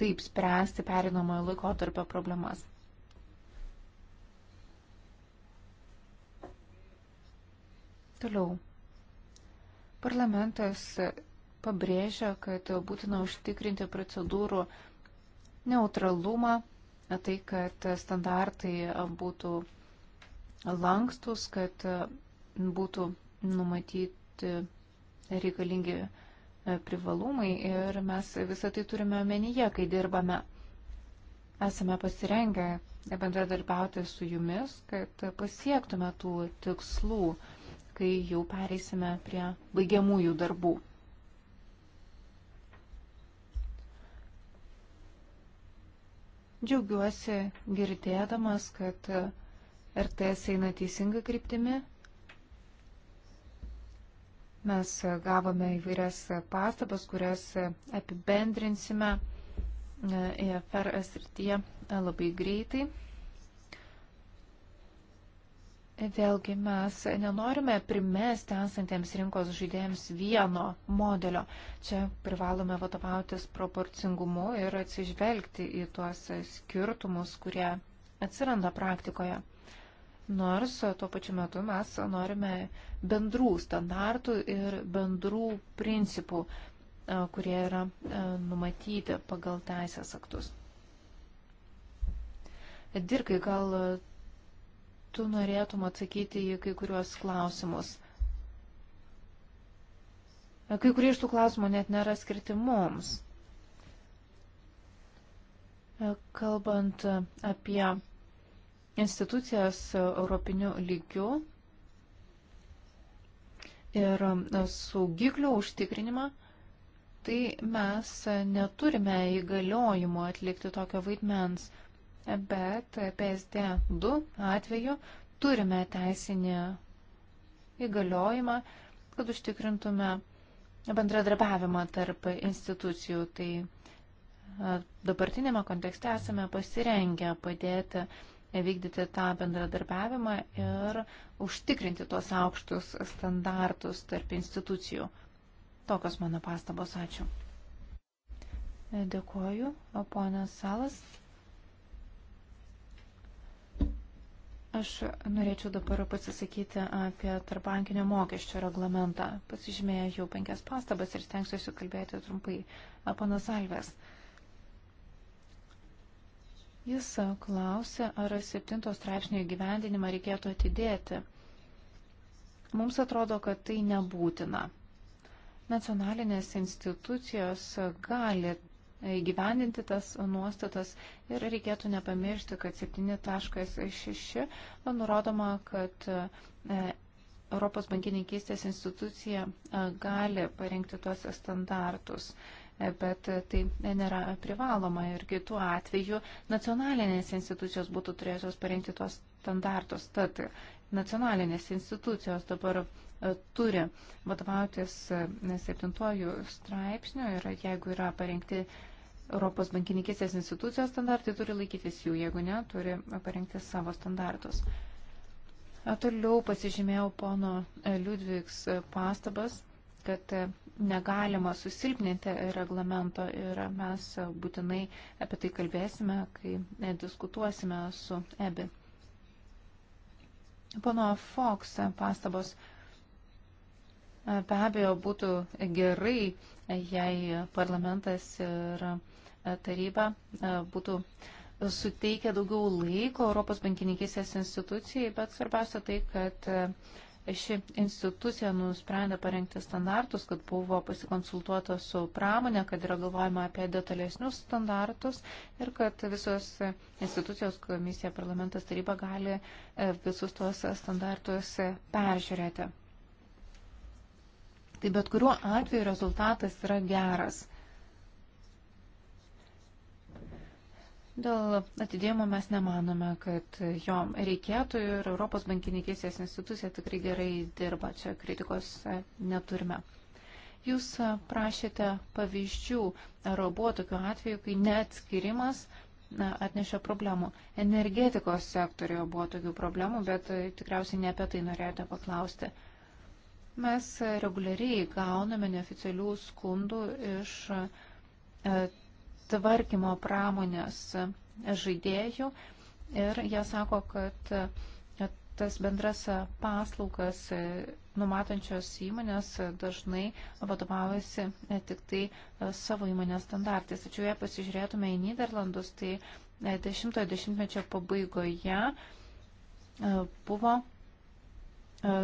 taip spręsti pereinamojo laikotarpio problemas. Toliau. Parlamentas pabrėžia, kad būtina užtikrinti procedūrų neutralumą, tai kad standartai būtų lankstus, kad e, būtų numatyti reikalingi e, privalumai ir mes visą tai turime omenyje, kai dirbame. Esame pasirengę bendradarbiauti su jumis, kad pasiektume tų tikslų, kai jau pereisime prie baigiamųjų darbų. Džiaugiuosi girdėdamas, kad RTS tai eina teisinga kryptimi. Mes gavome įvairias pastabas, kurias apibendrinsime EFR e srityje e, labai greitai. Vėlgi mes nenorime primesti esantiems rinkos žaidėjams vieno modelio. Čia privalome vadovautis proporcingumu ir atsižvelgti į tuos skirtumus, kurie atsiranda praktikoje. Nors tuo pačiu metu mes norime bendrų standartų ir bendrų principų, e, kurie yra e, numatyti pagal teisės aktus. Dirkai, gal tu norėtum atsakyti į kai kuriuos klausimus? E, kai kurie iš tų klausimų net nėra skirti mums. Kalbant apie institucijas europinių lygių ir saugiklių užtikrinimą, tai mes neturime įgaliojimo atlikti tokio vaidmens, bet PSD 2 atveju turime teisinį įgaliojimą, kad užtikrintume bendradarbiavimą tarp institucijų. Tai dabartinėme kontekste esame pasirengę padėti vykdyti tą bendradarbiavimą ir užtikrinti tuos aukštus standartus tarp institucijų. Tokios mano pastabos. Ačiū. Dėkuoju. O ponas Salas? Aš norėčiau dabar pasisakyti apie tarbankinio mokesčio reglamentą. Pasižymėjau penkias pastabas ir stengsiuosi kalbėti trumpai. Ponas Alves. Jis klausė, ar 7 straipsnio įgyvendinimą reikėtų atidėti. Mums atrodo, kad tai nebūtina. Nacionalinės institucijos gali įgyvendinti tas nuostatas ir reikėtų nepamiršti, kad 7.6 nurodoma, kad e, Europos bankininkystės institucija gali parengti tuos standartus bet tai nėra privaloma ir kitų atvejų nacionalinės institucijos būtų turėjusios parengti tuos standartus. Tad nacionalinės institucijos dabar e, turi vadovautis e, septintojų straipsnių ir jeigu yra parengti Europos bankininkėsės institucijos standartai, turi laikytis jų, jeigu ne, turi parengti savo standartus. Toliau pasižymėjau pono Liudviks e, pastabas, kad negalima susilpninti reglamento ir mes būtinai apie tai kalbėsime, kai diskutuosime su EBI. Pono Fox pastabos be abejo būtų gerai, jei parlamentas ir taryba būtų suteikia daugiau laiko Europos bankininkysės institucijai, bet svarbiausia tai, kad ši institucija nusprendė parengti standartus, kad buvo pasikonsultuota su pramonė, kad yra galvojama apie detalesnius standartus ir kad visos institucijos, komisija, parlamentas, taryba gali e, visus tuos standartus peržiūrėti. Tai bet kuriuo atveju rezultatas yra geras. Dėl atidėjimo mes nemanome, kad jo reikėtų ir Europos bankininkėsės institucija tikrai gerai dirba, čia kritikos neturime. Jūs prašėte pavyzdžių, ar buvo tokių atvejų, kai neatskirimas atnešė problemų. Energetikos sektorijoje buvo tokių problemų, bet tikriausiai ne apie tai norėjote paklausti. Mes reguliariai gauname neoficialių skundų iš e, tvarkymo pramonės žaidėjų ir jie sako, kad tas bendras paslaugas numatančios įmonės dažnai vadovaujasi tik tai savo įmonės standartais. Tačiau jei pasižiūrėtume į Niderlandus, tai 10-ojo dešimtmečio pabaigoje e, buvo e,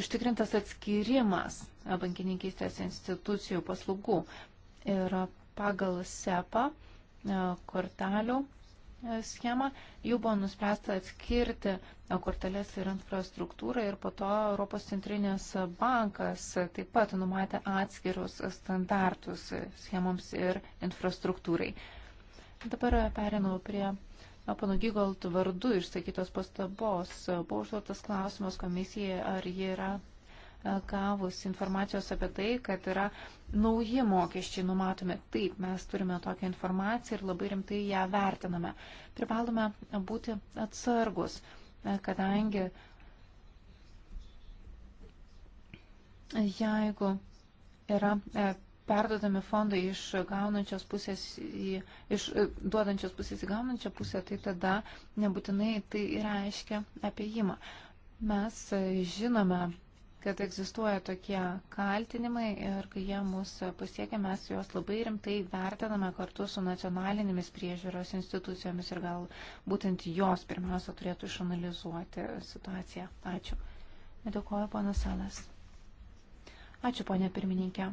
užtikrintas atskirimas bankininkystės institucijų paslaugų. Ir pagal SEPA e, kortelių e, schemą, jau buvo nuspręsta atskirti e, korteles ir infrastruktūrą ir po to Europos centrinės bankas taip pat numatė atskirus standartus schemoms ir infrastruktūrai. Dabar perinau prie Pano Gygolt vardu išsakytos pastabos. Buvo užduotas klausimas komisijai, ar ji yra E, gavus informacijos apie tai, kad yra nauji mokesčiai numatomi. Taip, mes turime tokią informaciją ir labai rimtai ją vertiname. Privalome būti atsargus, e, kadangi jeigu yra e, perdodami fondai iš gaunančios pusės į, iš duodančios pusės į gaunančią pusę, tai tada nebūtinai tai reiškia apie įmą. Mes žinome kad egzistuoja tokie kaltinimai ir kai jie mus pasiekia, mes juos labai rimtai vertiname kartu su nacionalinėmis priežiūros institucijomis ir gal būtent jos pirmiausia turėtų išanalizuoti situaciją. Ačiū. Dėkuoju, ponas Salas. Ačiū, ponė pirmininkė.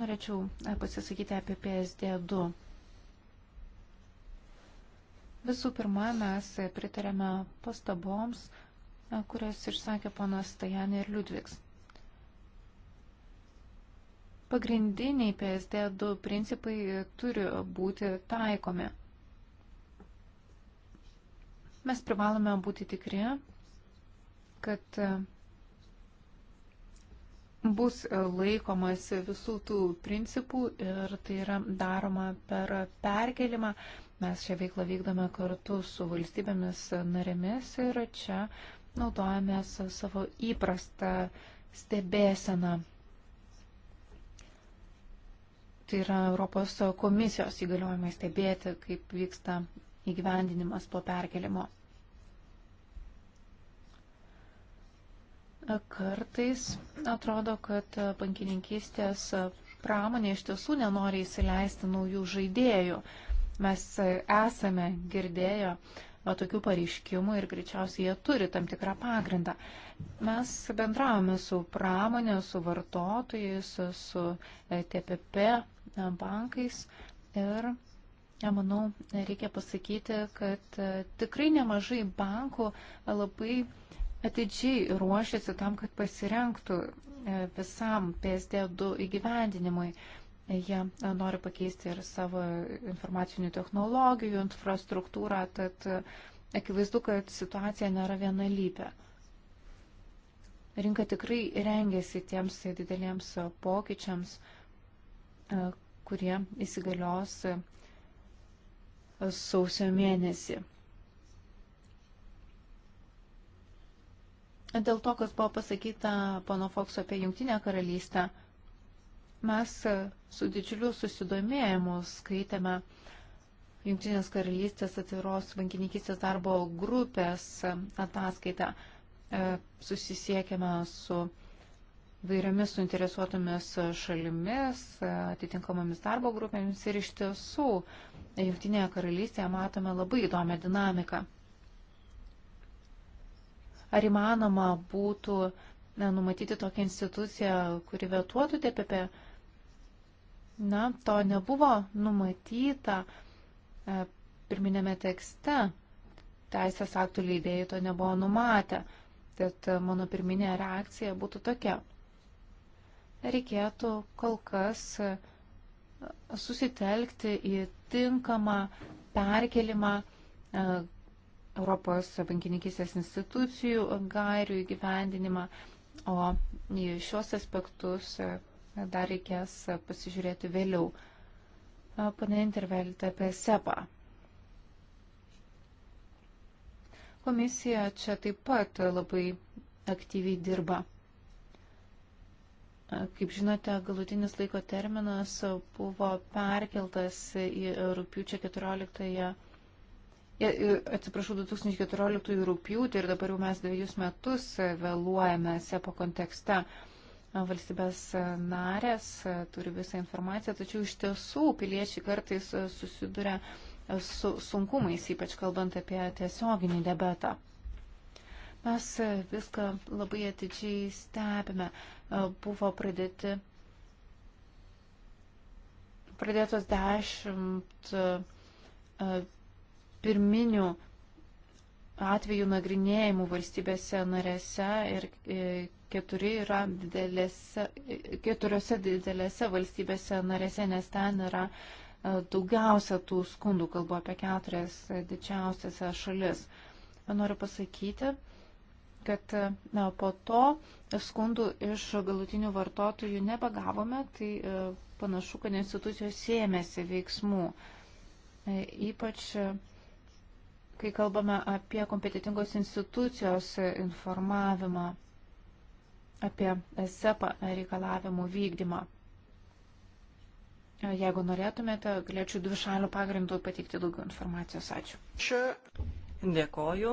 Norėčiau pasisakyti apie PSD2. Visų pirma, mes pritarėme pastaboms, kurias išsakė ponas Tajanė ir Liudviks. Pagrindiniai PSD2 principai turi būti taikomi. Mes privalome būti tikri, kad bus laikomas visų tų principų ir tai yra daroma per perkelimą. Mes šią veiklą vykdome kartu su valstybėmis narėmis ir čia naudojamės savo įprastą stebėseną. Tai yra Europos komisijos įgaliojimai stebėti, kaip vyksta įgyvendinimas po perkelimo. Kartais atrodo, kad bankininkystės pramonė iš tiesų nenori įsileisti naujų žaidėjų. Mes esame girdėję tokių pareiškimų ir greičiausiai jie turi tam tikrą pagrindą. Mes bendravome su pramonė, su vartotojais, su e, TPP e, bankais ir, e, manau, reikia pasakyti, kad tikrai nemažai bankų labai atidžiai ruošiasi tam, kad pasirenktų visam PSD2 įgyvendinimui. Jie e, nori pakeisti ir savo informacinių technologijų infrastruktūrą, tad e, akivaizdu, kad situacija nėra vienalypė. Rinka tikrai rengiasi tiems dideliems pokyčiams, e, kurie įsigalios sausio mėnesį. Dėl to, kas buvo pasakyta pono Fokso apie Jungtinę karalystę, Mes e, su didžiuliu susidomėjimu skaitėme Junktinės karalystės atviros bankininkistės darbo grupės e, ataskaitą. E, Susisiekėme su vairiomis suinteresuotomis šalimis, atitinkamomis darbo grupėmis ir iš tiesų Junktinėje karalystėje matome labai įdomią dinamiką. Ar įmanoma būtų ne, numatyti tokią instituciją, kuri vetuotų TPP? Na, to nebuvo numatyta e, pirminėme tekste. Teisės aktų leidėjai to nebuvo numatę. Tad e, mano pirminė reakcija būtų tokia. Reikėtų kol kas e, susitelkti į tinkamą perkelimą Europos bankininkysės institucijų gairių įgyvendinimą, o į šios aspektus dar reikės pasižiūrėti vėliau. Pane Intervelite apie SEPA. Komisija čia taip pat labai aktyviai dirba. Kaip žinote, galutinis laiko terminas buvo perkeltas į rūpiučio 14. Atsiprašau, 2014 rūpiutį ir dabar jau mes dviejus metus vėluojame SEPO kontekste valstybės narės e, turi visą informaciją, tačiau iš tiesų piliečiai kartais e, susiduria e, su sunkumais, ypač kalbant apie tiesioginį debetą. Mes viską labai atidžiai stebime. Buvo pradėti, pradėtos dešimt pirminių atvejų nagrinėjimų valstybėse narėse ir keturi yra didelėse, keturiose didelėse valstybėse narėse, nes ten yra e, daugiausia tų skundų, kalbu apie keturias didžiausias šalis. E, noriu pasakyti, kad e, na, po to skundų iš galutinių vartotojų nebegavome, tai panašu, kad institucijos sėmėsi veiksmų. Ypač kai kalbame apie kompetitingos institucijos informavimą apie SEPA reikalavimų vykdymą. Jeigu norėtumėte, galėčiau dvi šalių pagrindų pateikti daugiau informacijos. Ačiū. Čia. Dėkoju.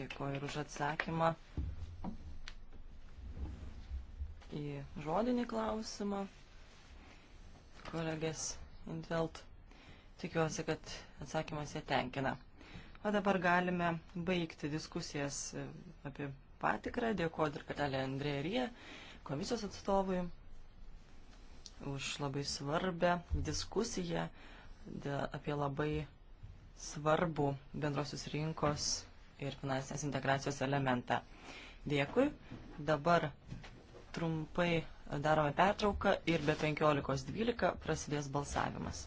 Dėkoju ir už atsakymą į žodinį klausimą. Kolegės Intvelt, tikiuosi, kad atsakymas jie tenkina. O dabar galime baigti diskusijas e, apie patikrą. Dėkuoju ir Katelė Andrėje komisijos atstovui už labai svarbę diskusiją apie labai svarbų bendrosios rinkos ir finansinės integracijos elementą. Dėkui. Dabar trumpai darome pertrauką ir be 15.12 prasidės balsavimas.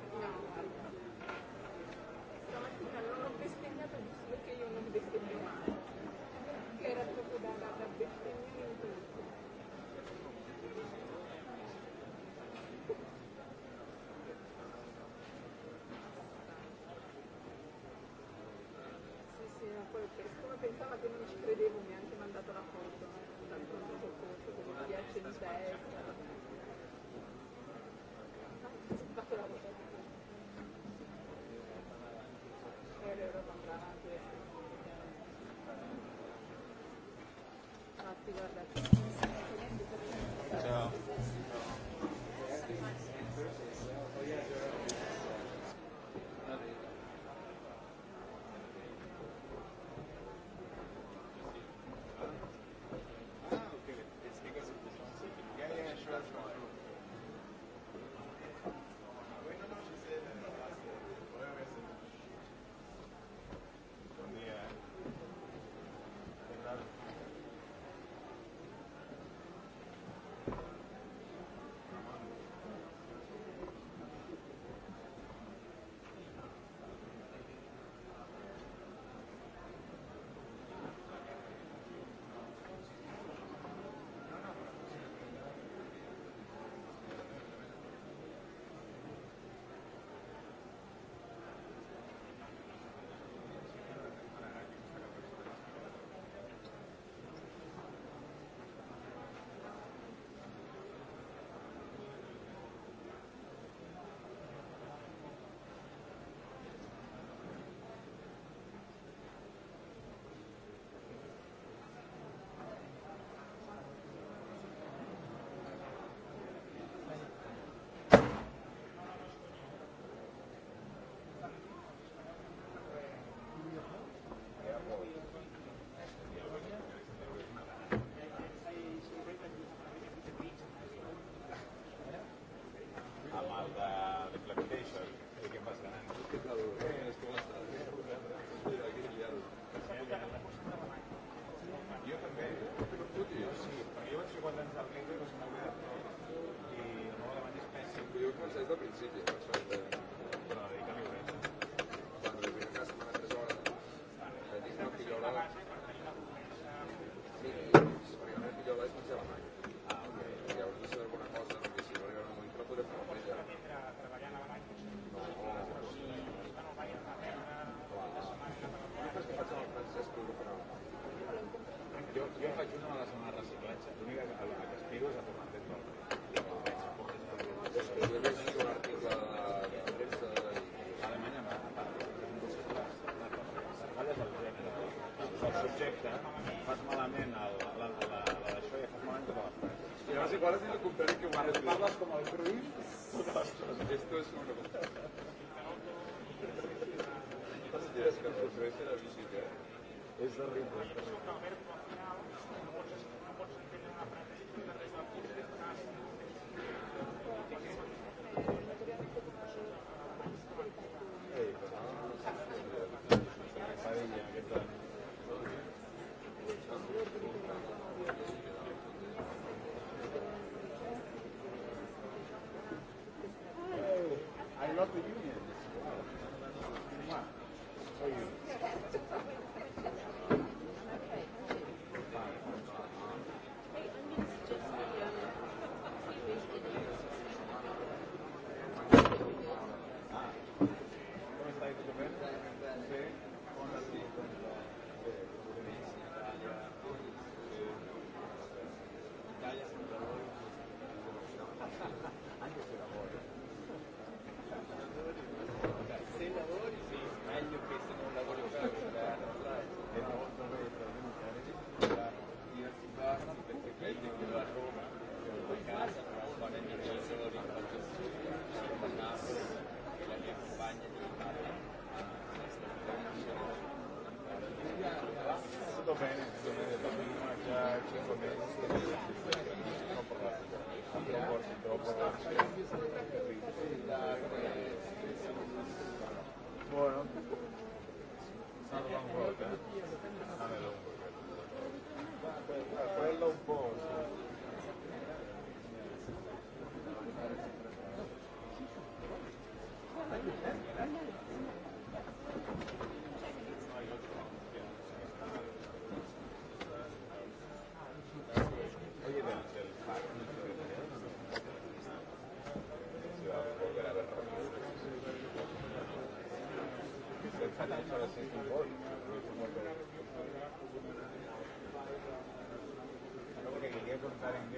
principio. Eso Es terrible.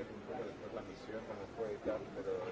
un poco después la misión, cómo fue y tal, pero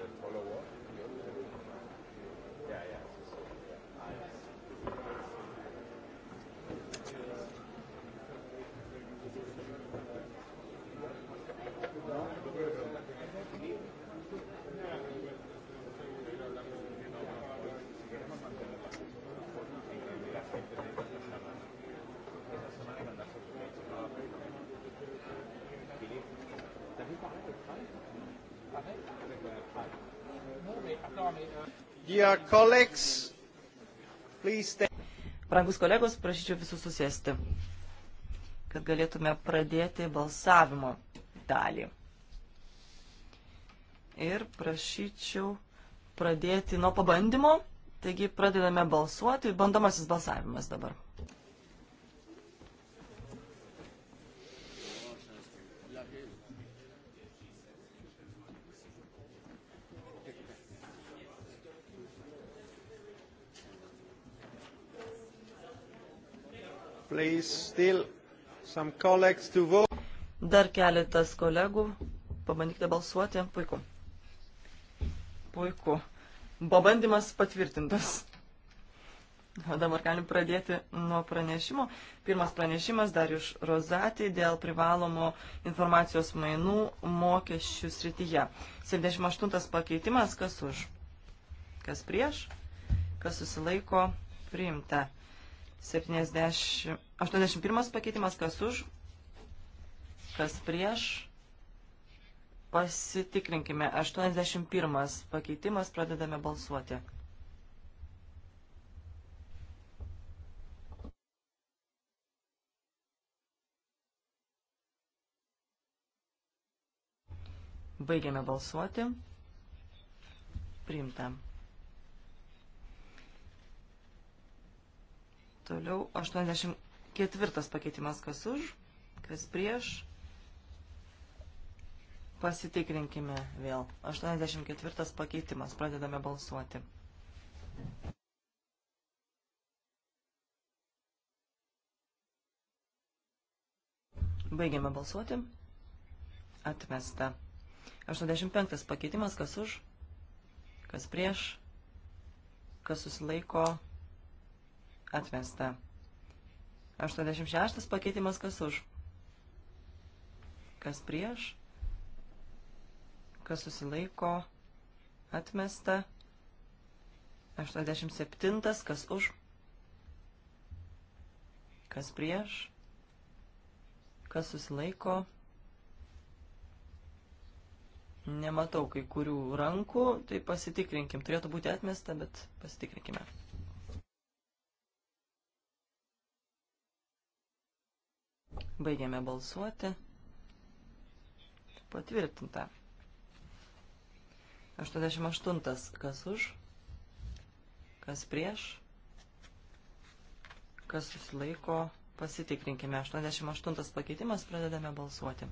Brangus kolegos, prašyčiau visus susėsti, kad galėtume pradėti balsavimo dalį. Ir prašyčiau pradėti nuo pabandymo. Taigi pradedame balsuoti, bandomasis balsavimas dabar. Please, still some colleagues to vote. Dar keletas kolegų. Pabandykite balsuoti. Puiku. Puiku. Pabandymas patvirtintas. O dabar galim pradėti nuo pranešimo. Pirmas pranešimas dar iš Rozatį dėl privalomo informacijos mainų mokesčių srityje. 78 pakeitimas, kas už, kas prieš, kas susilaiko, priimta. 70, 81 pakeitimas, kas už, kas prieš. Pasitikrinkime. 81 pakeitimas, pradedame balsuoti. Baigiame balsuoti. Priimta. Toliau 84 pakeitimas kas už, kas prieš. Pasitikrinkime vėl. 84 pakeitimas. Pradedame balsuoti. Baigiame balsuoti. Atmesta. 85 pakeitimas. Kas už? Kas prieš? Kas susilaiko? Atmesta. 86 pakeitimas kas už. Kas prieš. Kas susilaiko. Atmesta. 87 kas už. Kas prieš. Kas susilaiko. Nematau kai kurių rankų, tai pasitikrinkim. Turėtų būti atmesta, bet pasitikrinkime. Baigėme balsuoti. Patvirtinta. 88. Kas už? Kas prieš? Kas susilaiko? Pasitikrinkime. 88 pakeitimas. Pradedame balsuoti.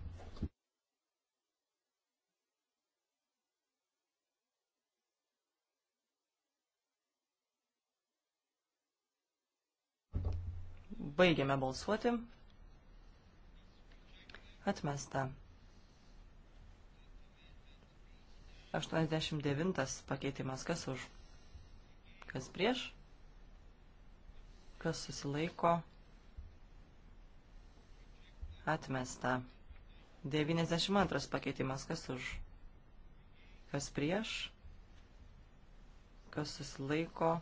Baigėme balsuoti. Atmesta. 89 pakeitimas. Kas už? Kas prieš? Kas susilaiko? Atmesta. 92 pakeitimas. Kas už? Kas prieš? Kas susilaiko?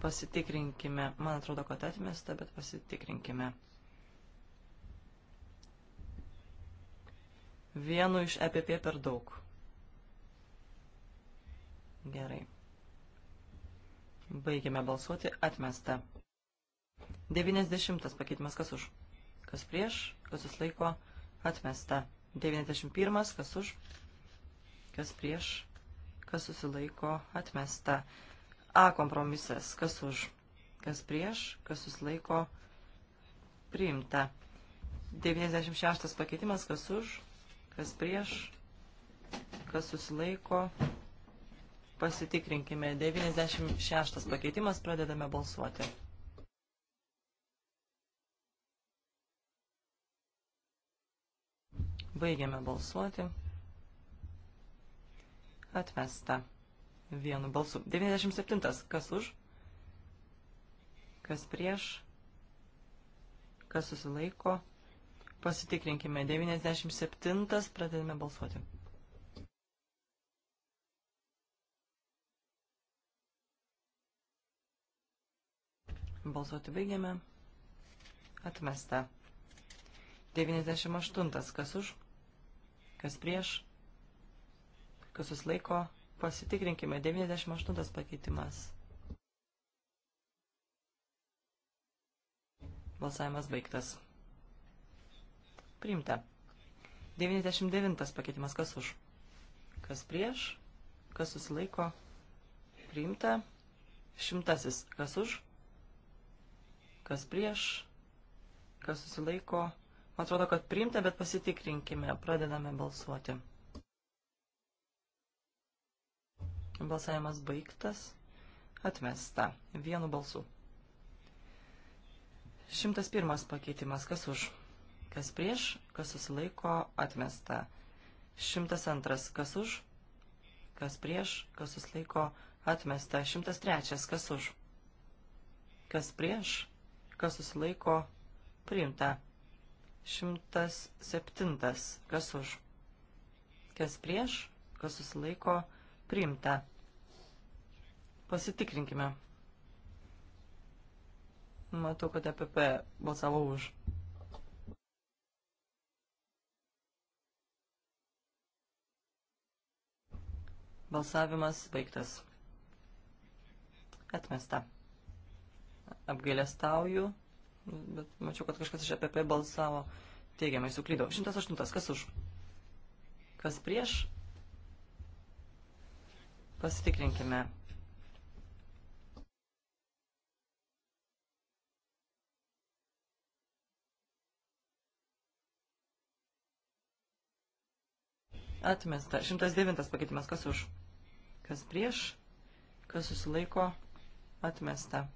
Pasitikrinkime. Man atrodo, kad atmesta, bet pasitikrinkime. Vienu iš EPP per daug. Gerai. Baigėme balsuoti. Atmesta. 90 pakeitimas kas už. Kas prieš, kas susilaiko. Atmesta. 91 kas už. Kas prieš, kas susilaiko. Atmesta. A kompromisas. Kas už. Kas prieš, kas susilaiko. Priimta. 96 pakeitimas kas už kas prieš, kas susilaiko. Pasitikrinkime. 96 pakeitimas, pradedame balsuoti. Baigiame balsuoti. Atvesta. Vienu balsu. 97. Kas už? Kas prieš? Kas susilaiko? Pasitikrinkime. 97. Pradedame balsuoti. Balsuoti baigiame. Atmesta. 98. Kas už? Kas prieš? Kas susilaiko? Pasitikrinkime. 98 pakeitimas. Balsavimas baigtas. Priimta. 99 pakeitimas kas už? Kas prieš? Kas susilaiko? Priimta. Šimtasis kas už? Kas prieš? Kas susilaiko? Man atrodo, kad priimta, bet pasitikrinkime. Pradedame balsuoti. Balsavimas baigtas. Atmesta. Vienu balsu. Šimtas pirmas pakeitimas. Kas už? kas prieš, kas susilaiko, atmesta. 102, kas už, kas prieš, kas susilaiko, atmesta. 103, kas už, kas prieš, kas susilaiko, priimta. 107, kas už, kas prieš, kas susilaiko, priimta. Pasitikrinkime. Matau, kad EPP balsavo už. Balsavimas baigtas. Atmesta. Apgailestauju, bet mačiau, kad kažkas iš APP e balsavo teigiamai, suklydau. 108. Kas už? Kas prieš? Pasitikrinkime. atmesta. 109 pakeitimas, kas už, kas prieš, kas susilaiko, atmesta.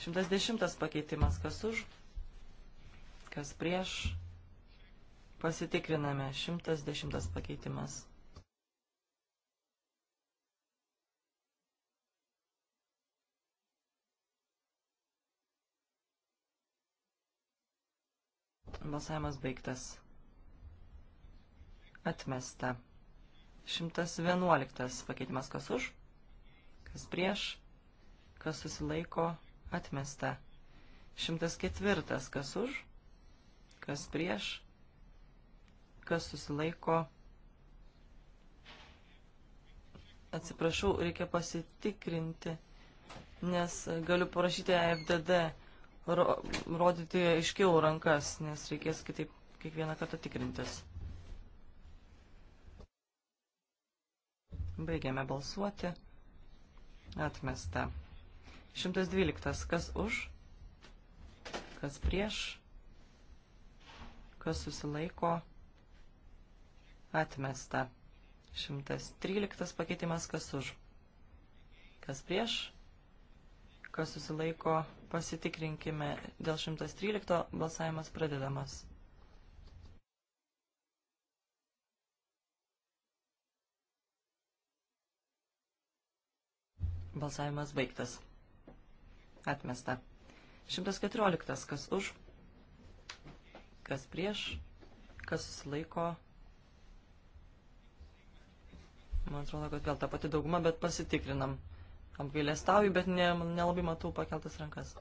110 pakeitimas, kas už, kas prieš, pasitikriname. 110 pakeitimas. Balsavimas baigtas. Atmesta. 111 pakeitimas kas už, kas prieš, kas susilaiko, atmesta. 104 kas už, kas prieš, kas susilaiko. Atsiprašau, reikia pasitikrinti, nes galiu parašyti AFDD, ro rodyti aiškiau rankas, nes reikės kitaip kiekvieną kartą tikrintis. Baigiame balsuoti. Atmesta. 112. Kas už? Kas prieš? Kas susilaiko? Atmesta. 113 pakeitimas. Kas už? Kas prieš? Kas susilaiko? Pasitikrinkime. Dėl 113 balsavimas pradedamas. Balsavimas baigtas. Atmesta. 114. Kas už, kas prieš, kas susilaiko. Man atrodo, kad vėl ta pati dauguma, bet pasitikrinam. Apgailėstauju, bet ne, nelabai matau pakeltas rankas.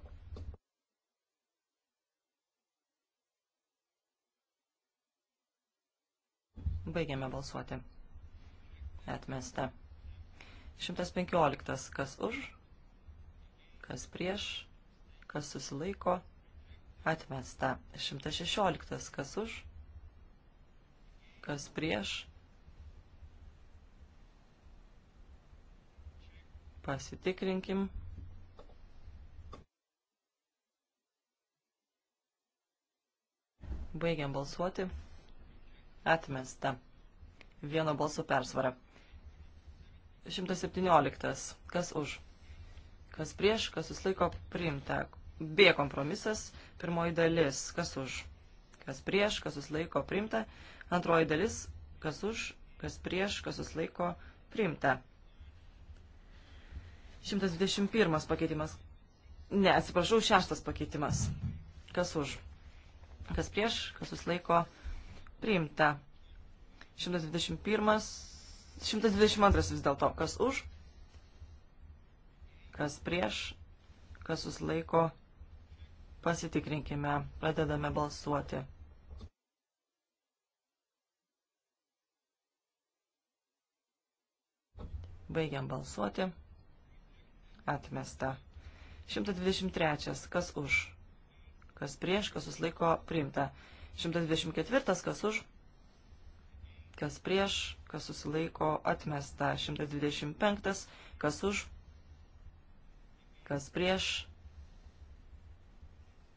Baigiame balsuoti. Atmesta. 115. Kas už, kas prieš, kas susilaiko, atmesta. 116. Kas už, kas prieš, pasitikrinkim. Baigiam balsuoti. Atmesta. Vieno balso persvara. 117. Kas už? Kas prieš, kas susilaiko priimta. B kompromisas, pirmoji dalis. Kas už? Kas prieš, kas susilaiko priimta. Antroji dalis. Kas už, kas prieš, kas susilaiko priimta. 121 pakeitimas. Ne, atsiprašau, šeštas pakeitimas. Kas už? Kas prieš, kas susilaiko priimta. 121 122 vis dėlto. Kas už? Kas prieš? Kas susilaiko? Pasitikrinkime. Pradedame balsuoti. Baigiam balsuoti. Atmesta. 123. Kas už? Kas prieš? Kas susilaiko? Priimta. 124. Kas už? kas prieš, kas susilaiko atmesta. 125, kas už, kas prieš,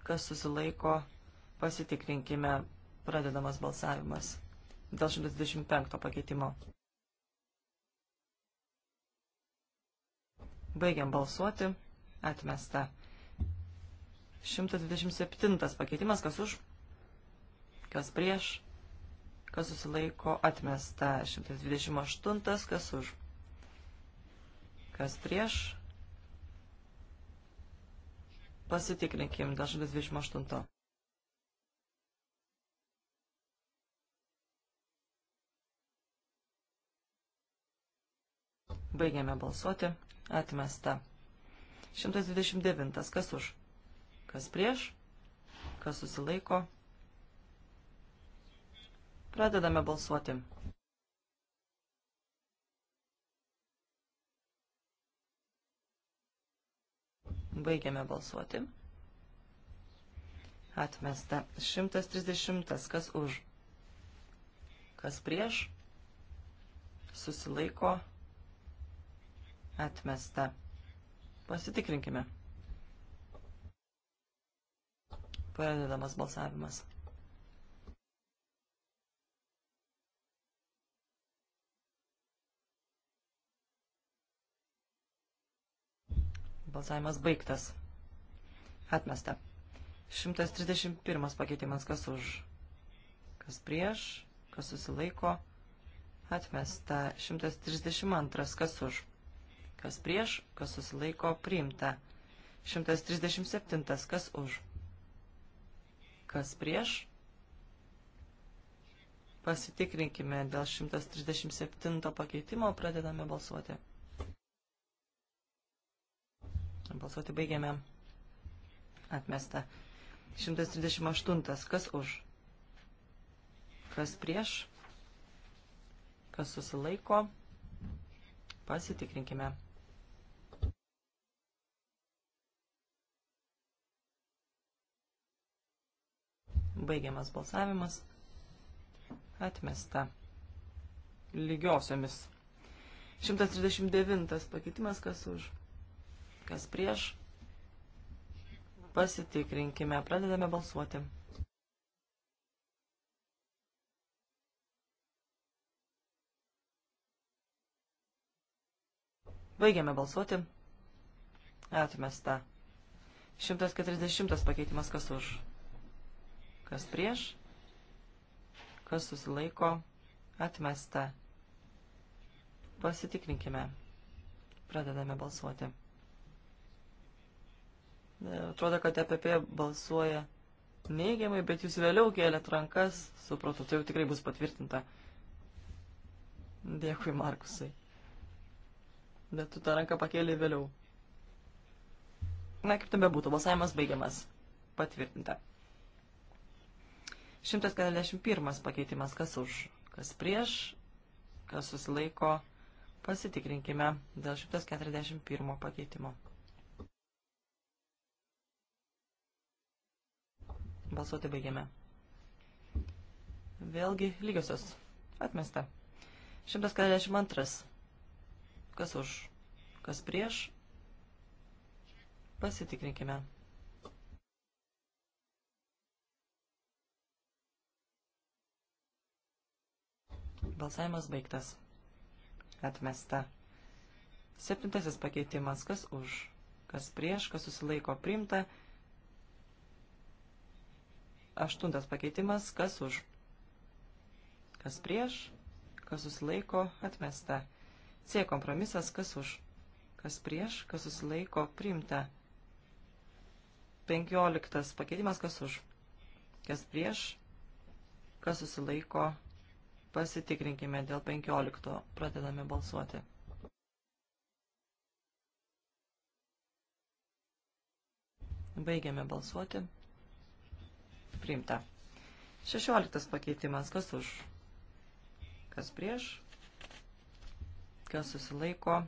kas susilaiko, pasitikrinkime pradedamas balsavimas dėl 125 pakeitimo. Baigiam balsuoti, atmesta. 127 pakeitimas, kas už, kas prieš, kas susilaiko atmesta. 128, kas už, kas prieš. Pasitikrinkim dėl 128. Baigiame balsuoti. Atmesta. 129. Kas už? Kas prieš? Kas susilaiko? Pradedame balsuoti. Baigiame balsuoti. Atmesta. 130. Kas už? Kas prieš? Susilaiko. Atmesta. Pasitikrinkime. Pradedamas balsavimas. Balsavimas baigtas. Atmesta. 131 pakeitimas, kas už, kas prieš, kas susilaiko. Atmesta. 132, kas už, kas prieš, kas susilaiko, priimta. 137, kas už, kas prieš. Pasitikrinkime dėl 137 pakeitimo, pradedame balsuoti. Balsuoti baigiame. Atmesta. 138. Kas už? Kas prieš? Kas susilaiko? Pasitikrinkime. Baigiamas balsavimas. Atmesta. Lygiosiomis. 139 pakeitimas, kas už kas prieš. Pasitikrinkime, pradedame balsuoti. Baigiame balsuoti. Atmesta. 140 pakeitimas kas už. Kas prieš. Kas susilaiko. Atmesta. Pasitikrinkime. Pradedame balsuoti. Atrodo, kad EPP balsuoja neigiamai, bet jūs vėliau kėlėt rankas, supratau, tai jau tikrai bus patvirtinta. Dėkui, Markusai. Bet tu tą ranką pakėlė vėliau. Na, kaip tam bebūtų, balsavimas baigiamas. Patvirtinta. 141 pakeitimas, kas už, kas prieš, kas susilaiko, pasitikrinkime dėl 141 pakeitimo. Balsuoti baigiame. Vėlgi lygiosios. Atmesta. 142. Kas už? Kas prieš? Pasitikrinkime. Balsavimas baigtas. Atmesta. Septintasis pakeitimas. Kas už? Kas prieš? Kas susilaiko? Primta. Primta. Aštuntas pakeitimas, kas už, kas prieš, kas susilaiko, atmesta. C kompromisas, kas už, kas prieš, kas susilaiko, priimta. Penkioliktas pakeitimas, kas už, kas prieš, kas susilaiko, pasitikrinkime dėl penkiolikto, pradedame balsuoti. Baigiame balsuoti priimta. 16 pakeitimas, kas už, kas prieš, kas susilaiko.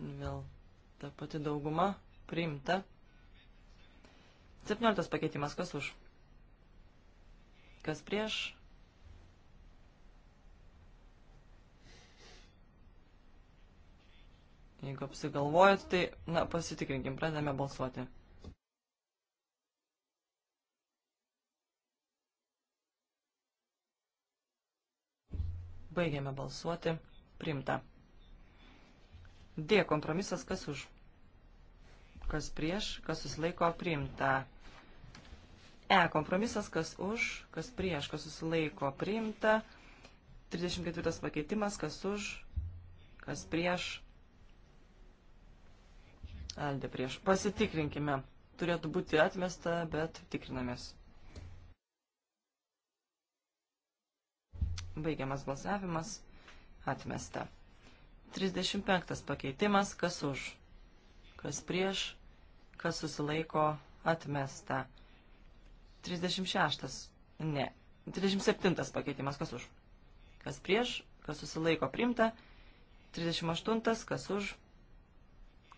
Vėl ta pati dauguma priimta. 17 pakeitimas, kas už, kas prieš. Jeigu apsigalvojat, tai, na, pasitikrinkim, pradame balsuoti. Baigiame balsuoti. Primta. D. Kompromisas kas už? Kas prieš, kas susilaiko, priimta. E. Kompromisas kas už, kas prieš, kas susilaiko, priimta. 34 pakeitimas kas už, kas prieš. Aldė prieš. Pasitikrinkime. Turėtų būti atmesta, bet tikrinamės. Baigiamas balsavimas. Atmesta. 35 pakeitimas. Kas už? Kas prieš? Kas susilaiko? Atmesta. 36. Ne. 37 pakeitimas. Kas už? Kas prieš? Kas susilaiko? Primta. 38. Kas už?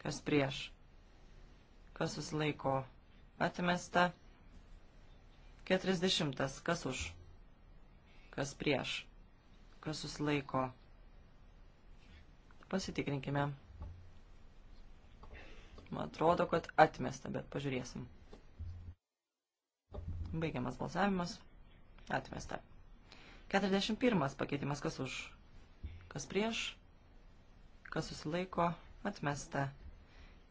Kas prieš? Kas susilaiko? Atmesta. 40. Kas už? Kas prieš? kas susilaiko. Pasitikrinkime. Man atrodo, kad atmesta, bet pažiūrėsim. Baigiamas balsavimas. Atmesta. 41 pakeitimas kas už, kas prieš, kas susilaiko, atmesta.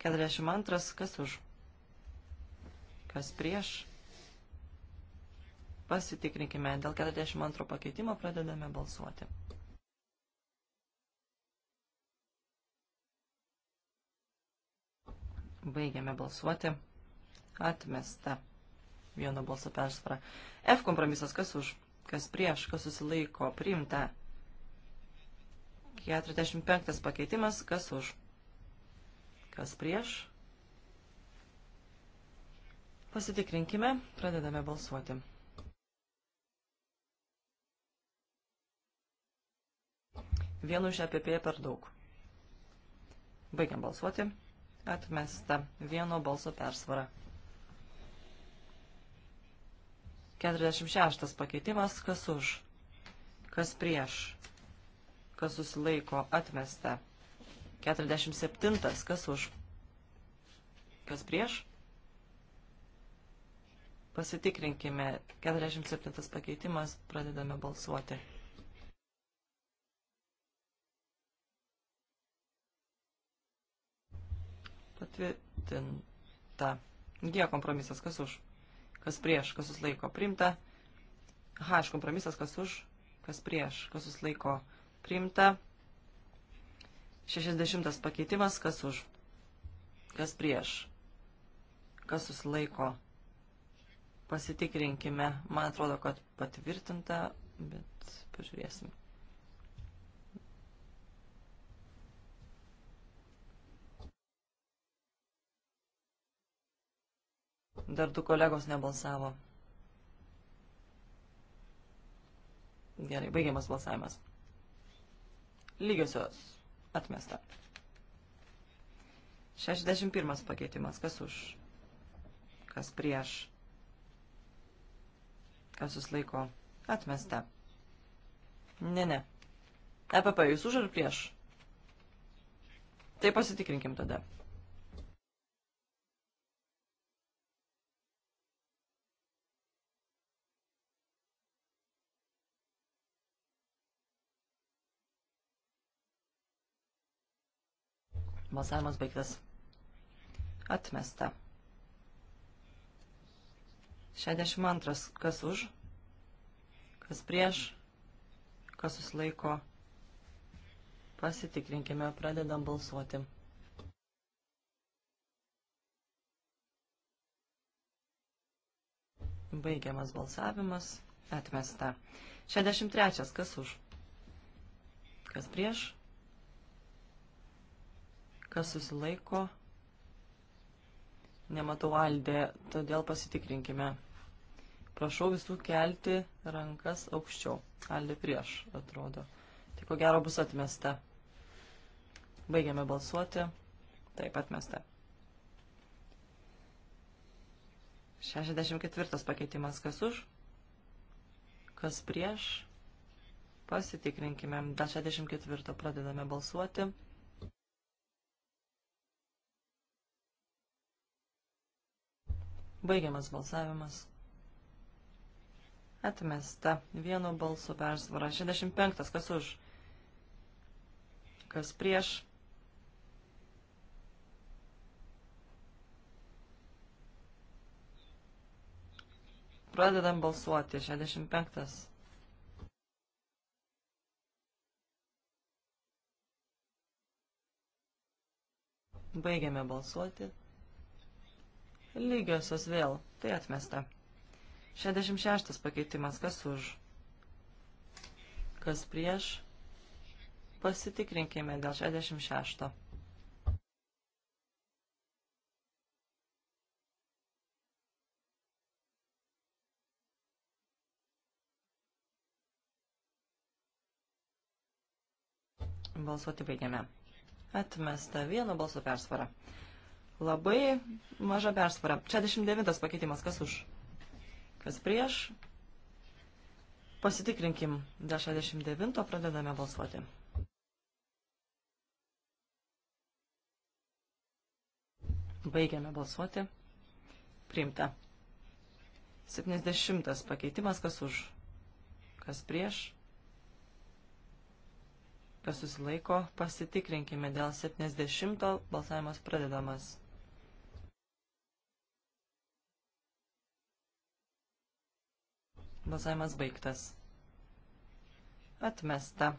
42 kas už, kas prieš, Pasitikrinkime. Dėl 42 pakeitimo pradedame balsuoti. Baigiame balsuoti. Atmesta. Vieno balso persvara. F kompromisas. Kas už? Kas prieš? Kas susilaiko? Priimta. 45 pakeitimas. Kas už? Kas prieš? Pasitikrinkime. Pradedame balsuoti. Vienu iš EPP per daug. Baigiam balsuoti. Atmesta. Vieno balso persvara. 46 pakeitimas. Kas už? Kas prieš? Kas susilaiko? Atmesta. 47. Kas už? Kas prieš? Pasitikrinkime. 47 pakeitimas. Pradedame balsuoti. patvirtinta. G kompromisas, kas už, kas prieš, kas susilaiko priimta. H kompromisas, kas už, kas prieš, kas susilaiko priimta. 60 pakeitimas, kas už, kas prieš, kas susilaiko. Pasitikrinkime, man atrodo, kad patvirtinta, bet pažiūrėsime. Dar du kolegos nebalsavo. Gerai, baigiamas balsavimas. Lygiosios atmesta. 61 pakeitimas. Kas už? Kas prieš? Kas susilaiko? Atmesta. Ne, ne. EPP, jūs už ar prieš? Tai pasitikrinkim tada. Balsavimas baigtas. Atmesta. 62. Kas už? Kas prieš? Kas susilaiko? Pasitikrinkime, pradedam balsuoti. Baigiamas balsavimas. Atmesta. 63. Kas už? Kas prieš? kas susilaiko. Nematau Aldė, todėl pasitikrinkime. Prašau visų kelti rankas aukščiau. Aldė prieš, atrodo. Tai ko gero bus atmesta. Baigiame balsuoti. Taip atmesta. 64 pakeitimas kas už, kas prieš. Pasitikrinkime. Dėl 64 pradedame balsuoti. Baigiamas balsavimas. Atmesta. Vieno balso persvara. 65. Kas už? Kas prieš? Pradedam balsuoti. 65. Baigiame balsuoti. Lygiosios vėl. Tai atmesta. 66 pakeitimas. Kas už? Kas prieš? Pasitikrinkime dėl 66. Balsuoti baigiame. Atmesta vieno balso persvara. Labai maža persvara. 69 pakeitimas. Kas už? Kas prieš? Pasitikrinkim. Dėl 69 pradedame balsuoti. Baigiame balsuoti. Priimta. 70 pakeitimas. Kas už? Kas prieš? Kas susilaiko? Pasitikrinkime dėl 70 balsavimas pradedamas. Balsavimas baigtas. Atmesta.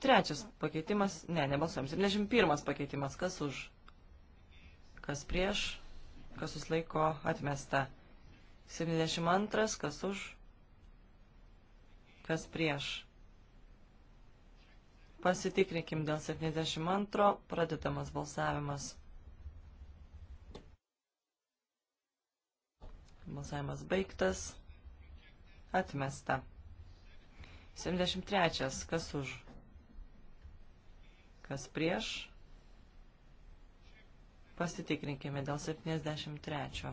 Trečias pakeitimas, ne, nebalsuojam. 71 pakeitimas, kas už, kas prieš, kas susilaiko, atmesta. 72, kas už, kas prieš. Pasitikrinkim dėl 72, pradedamas balsavimas. Balsavimas baigtas. Atmesta. 73. Kas už? Kas prieš? Pasitikrinkime dėl 73.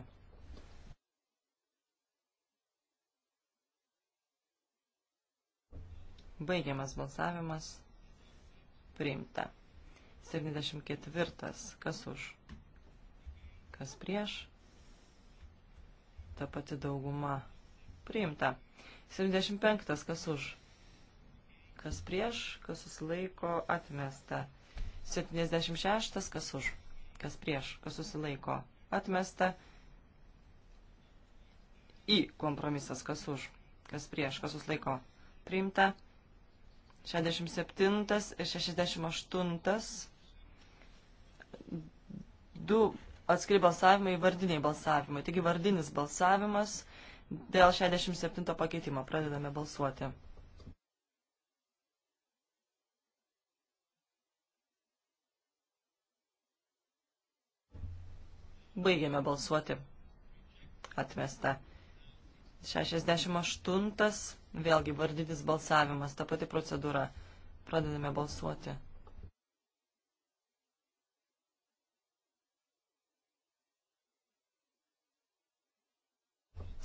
Baigiamas balsavimas. Priimta. 74. Kas už? Kas prieš? Ta pati dauguma. Priimta. 75. Kas už? Kas prieš? Kas susilaiko? Atmesta. 76. Kas už? Kas prieš? Kas susilaiko? Atmesta. Į kompromisas. Kas už? Kas prieš? Kas susilaiko? Priimta. 67 ir 68 du atskiri balsavimai, vardiniai balsavimai. Taigi vardinis balsavimas Dėl 67 pakeitimo pradedame balsuoti. Baigėme balsuoti. Atmesta. 68. Vėlgi vardinis balsavimas. Ta pati procedūra. Pradedame balsuoti.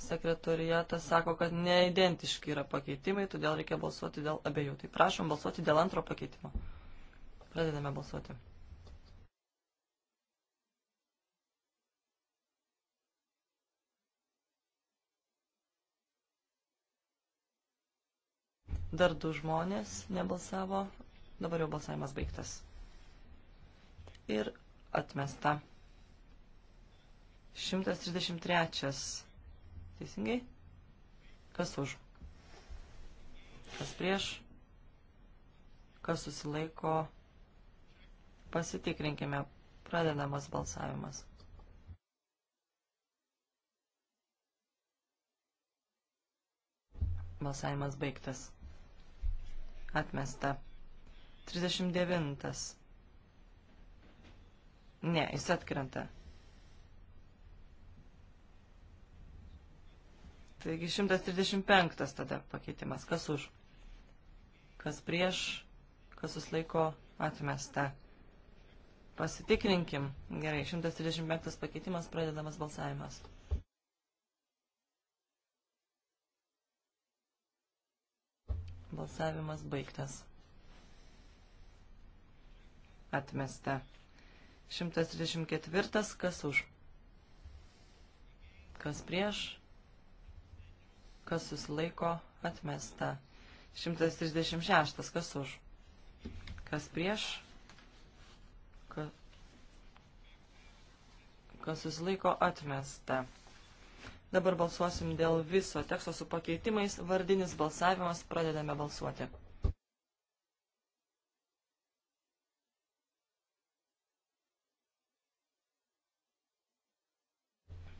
sekretoriatas sako, kad neidentiški yra pakeitimai, todėl reikia balsuoti dėl abiejų. Tai prašom balsuoti dėl antro pakeitimo. Pradedame balsuoti. Dar du žmonės nebalsavo. Dabar jau balsavimas baigtas. Ir atmesta. 133 Teisingai? Kas už? Kas prieš? Kas susilaiko? Pasitikrinkime. Pradedamas balsavimas. Balsavimas baigtas. Atmesta. 39. Ne, jis atkrenta. Taigi 135 tada pakeitimas. Kas už? Kas prieš? Kas susilaiko atmesta? Pasitikrinkim. Gerai, 135 pakeitimas pradedamas balsavimas. Balsavimas baigtas. Atmesta. 134. Kas už? Kas prieš? kas susilaiko atmesta. 136, kas už, kas prieš, kas, kas susilaiko atmesta. Dabar balsuosim dėl viso teksto su pakeitimais. Vardinis balsavimas. Pradedame balsuoti.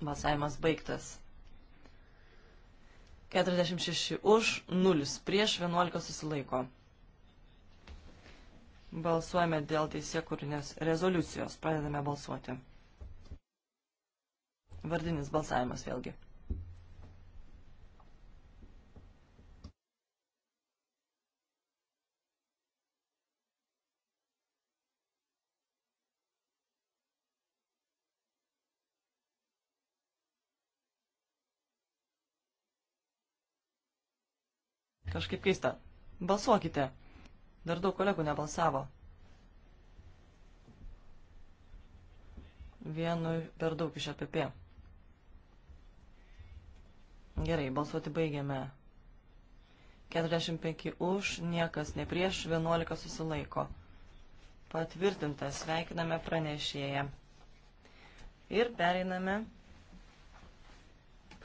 Balsavimas baigtas. 46 už, 0 prieš, 11 susilaiko. Balsuojame dėl teisėkūrinės rezoliucijos. Pradedame balsuoti. Vardinis balsavimas vėlgi. Kažkaip keista. Balsuokite. Dar daug kolegų nebalsavo. Vienu per daug iš APP. Gerai, balsuoti baigiame. 45 už, niekas ne prieš, 11 susilaiko. Patvirtintas, sveikiname pranešėją. Ir pereiname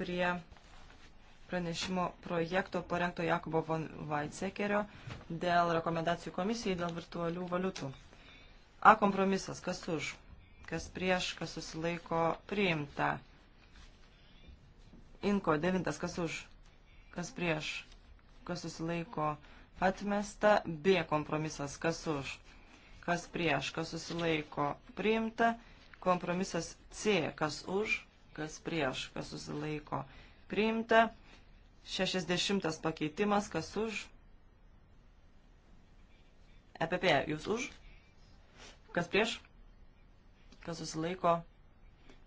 prie pranešimo projekto parengto Jakobo von Weizsäkerio dėl rekomendacijų komisijai dėl virtualių valiutų. A kompromisas, kas už, kas prieš, kas susilaiko priimta. Inko 9, kas už, kas prieš, kas susilaiko atmesta. B kompromisas, kas už, kas prieš, kas susilaiko priimta. Kompromisas C, kas už, kas prieš, kas susilaiko priimta 60 pakeitimas, kas už? EPP, jūs už? Kas prieš? Kas susilaiko?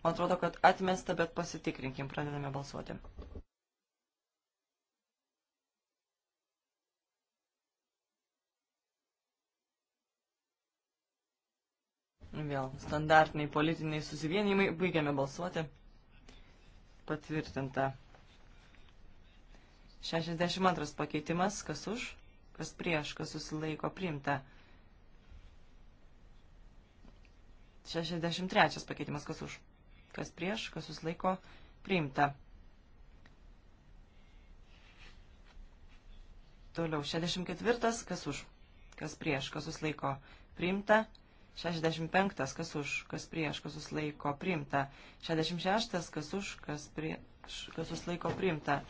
Man atrodo, kad atmesta, bet pasitikrinkim, pradedame balsuoti. Vėl standartiniai politiniai susivienimai. Baigiame balsuoti. Patvirtinta. 62 pakeitimas, kas už, kas prieš, kas susilaiko priimta. 63 pakeitimas, kas už, kas prieš, kas susilaiko priimta. Toliau, 64, kas už, kas prieš, kas susilaiko priimta. 65, kas už, kas prieš, kas susilaiko priimta. 66, kas už, kas prieš, kas susilaiko priimta.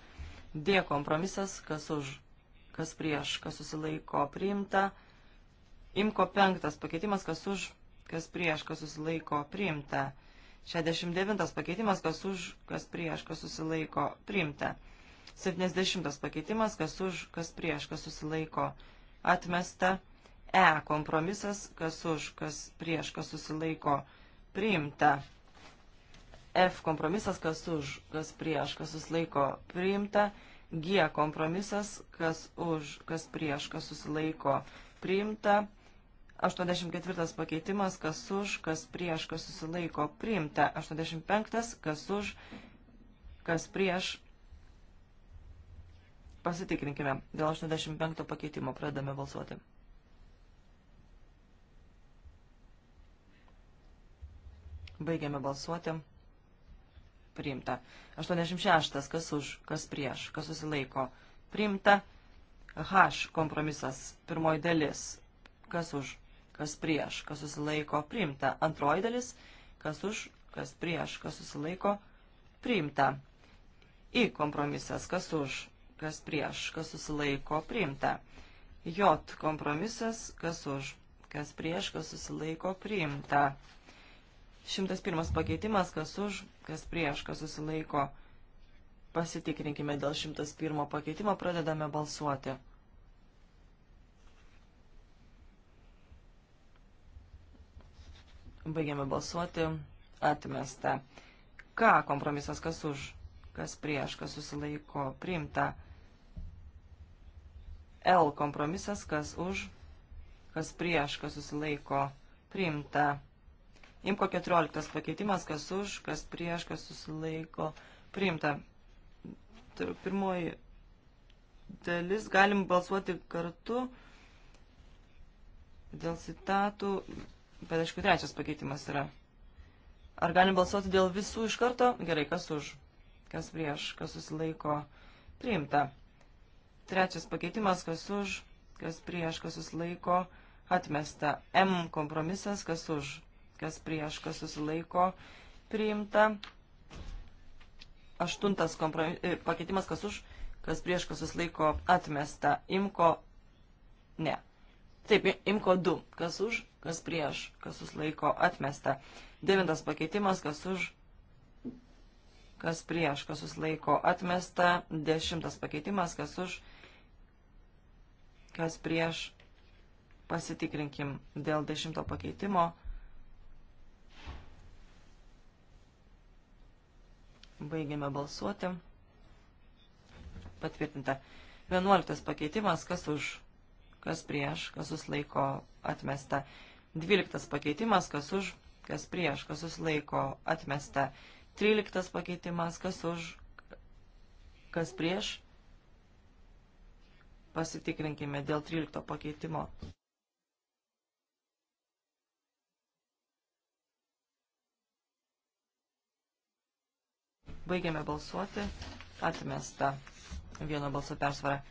D kompromisas, kas už, kas prieš, kas susilaiko priimta. Imko penktas pakeitimas, kas už, kas prieš, kas susilaiko priimta. 69 pakeitimas, kas už, kas prieš, kas susilaiko priimta. 70 pakeitimas, kas už, kas prieš, kas susilaiko atmesta. E kompromisas, kas už, kas prieš, kas susilaiko priimta. F kompromisas, kas už, kas prieš, kas susilaiko priimta. G kompromisas, kas už, kas prieš, kas susilaiko priimta. 84 pakeitimas, kas už, kas prieš, kas susilaiko priimta. 85, kas už, kas prieš. Pasitikrinkime. Dėl 85 pakeitimo pradame balsuoti. Baigiame balsuoti priimta. 86. Kas už, kas prieš, kas susilaiko, priimta. H kompromisas, pirmoji dalis, kas už, kas prieš, kas susilaiko, priimta. Antroji dalis, kas už, kas prieš, kas susilaiko, priimta. I kompromisas, kas už, kas prieš, kas susilaiko, priimta. J kompromisas, kas už, kas prieš, kas susilaiko, priimta. 101 pakeitimas, kas už, kas prieš, kas susilaiko. Pasitikrinkime dėl 101 pakeitimo, pradedame balsuoti. Baigiame balsuoti, atmesta. Ką kompromisas, kas už, kas prieš, kas susilaiko, priimta. L kompromisas, kas už, kas prieš, kas susilaiko, priimta. Imko 14 pakeitimas, kas už, kas prieš, kas susilaiko priimta. Pirmoji dalis, galim balsuoti kartu dėl citatų, bet aišku, trečias pakeitimas yra. Ar galim balsuoti dėl visų iš karto? Gerai, kas už, kas prieš, kas susilaiko priimta. Trečias pakeitimas, kas už, kas prieš, kas susilaiko atmesta. M kompromisas, kas už kas prieš, kas susilaiko priimta. Aštuntas kompromis, e, pakeitimas, kas už, kas prieš, kas susilaiko atmesta. Imko, ne. Taip, imko 2, kas už, kas prieš, kas susilaiko atmesta. Devintas pakeitimas, kas už, kas prieš, kas susilaiko atmesta. Dešimtas pakeitimas, kas už, kas prieš, pasitikrinkim dėl dešimto pakeitimo. Baigiame balsuoti. Patvirtinta. 11 pakeitimas, kas už, kas prieš, kas susilaiko atmesta. 12 pakeitimas, kas už, kas prieš, kas susilaiko atmesta. 13 pakeitimas, kas už, kas prieš. Pasitikrinkime dėl 13 pakeitimo. Baigiame balsuoti. Atmesta vieno balso persvara.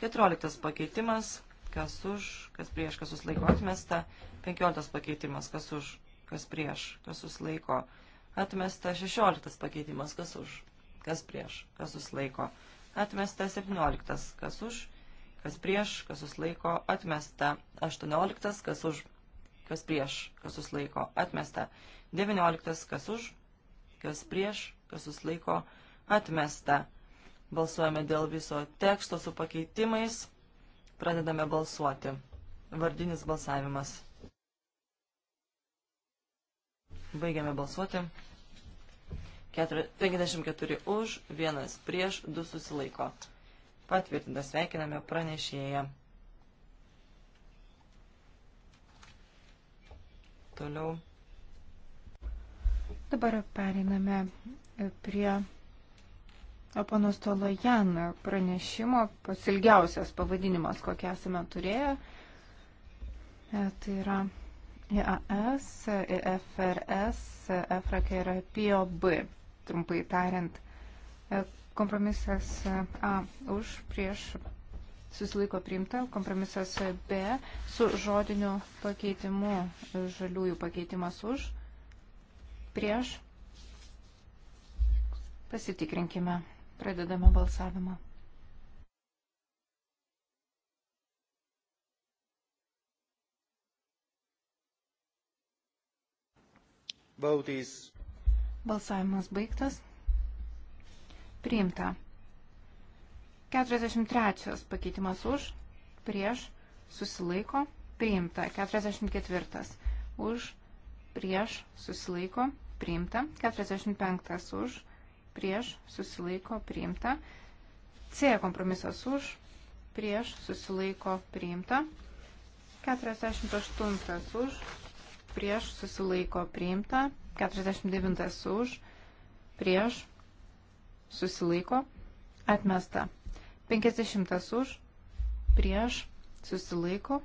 14 pakeitimas. Kas už, kas prieš, kas susilaiko atmesta. 15 pakeitimas. Kas už, kas prieš, kas susilaiko atmesta. 16 pakeitimas. Kas už, kas prieš, kas susilaiko atmesta. 17 kas už, kas prieš, kas susilaiko atmesta. 18 kas už, kas prieš, kas susilaiko atmesta. 19 kas už, kas prieš, kas susilaiko atmesta. Balsuojame dėl viso teksto su pakeitimais. Pradedame balsuoti. Vardinis balsavimas. Baigiame balsuoti. 54 už, 1 prieš, 2 susilaiko. Patvirtinta sveikiname pranešėją. Toliau. Dabar periname prie Apano Stolojan pranešimo, pats ilgiausias pavadinimas, kokį esame turėję. E, tai yra IAS, e IFRS, EFRAK e ir POB, trumpai tariant. Kompromisas A už, prieš susilaiko priimta, kompromisas B su žodiniu pakeitimu, žaliųjų pakeitimas už, prieš Pasitikrinkime. Pradedame balsavimą. Bautys. Balsavimas baigtas. Priimta. 43 pakeitimas už, prieš, susilaiko, priimta. 44 už, prieš, susilaiko, priimta. 45 už, prieš prieš susilaiko priimta. C kompromisas už, prieš susilaiko priimta. 48 už, prieš susilaiko priimta. 49 už, prieš susilaiko atmesta. 50 už, prieš susilaiko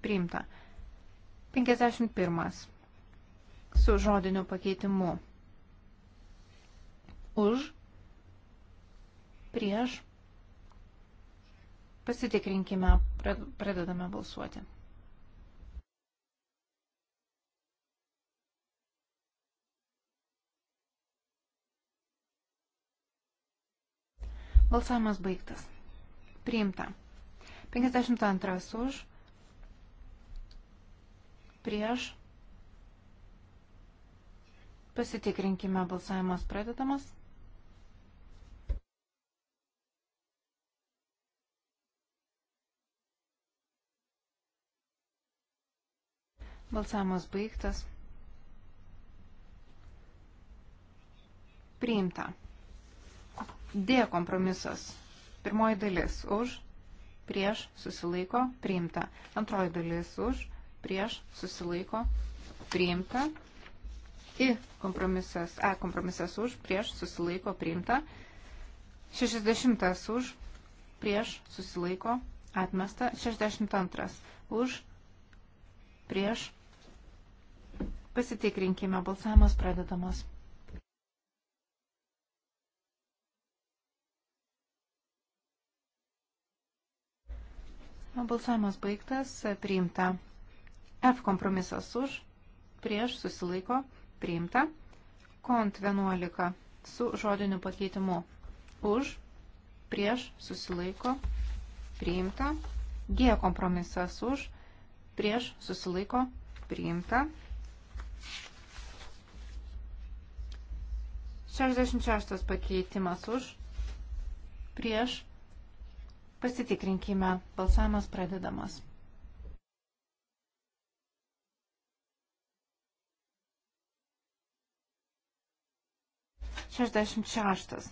priimta. 51 su žodiniu pakeitimu už, prieš. Pasitikrinkime, pradedame balsuoti. Balsavimas baigtas. Priimta. 52 už. Prieš. Pasitikrinkime, balsavimas pradedamas. Balsavimas baigtas. Priimta. D kompromisas. Pirmoji dalis už, prieš, susilaiko, priimta. Antroji dalis už, prieš, susilaiko, priimta. I kompromisas, E kompromisas už, prieš, susilaiko, priimta. 60 už, prieš, susilaiko, atmesta. 62 už, prieš, Pasitikrinkime, balsavimas pradedamas. Balsavimas baigtas, priimta. F kompromisas už, prieš susilaiko, priimta. Kont 11 su žodiniu pakeitimu už, prieš susilaiko, priimta. G kompromisas už, prieš susilaiko, priimta. 66 pakeitimas už, prieš, pasitikrinkime, balsavimas pradedamas. Šešdešimt šeštas.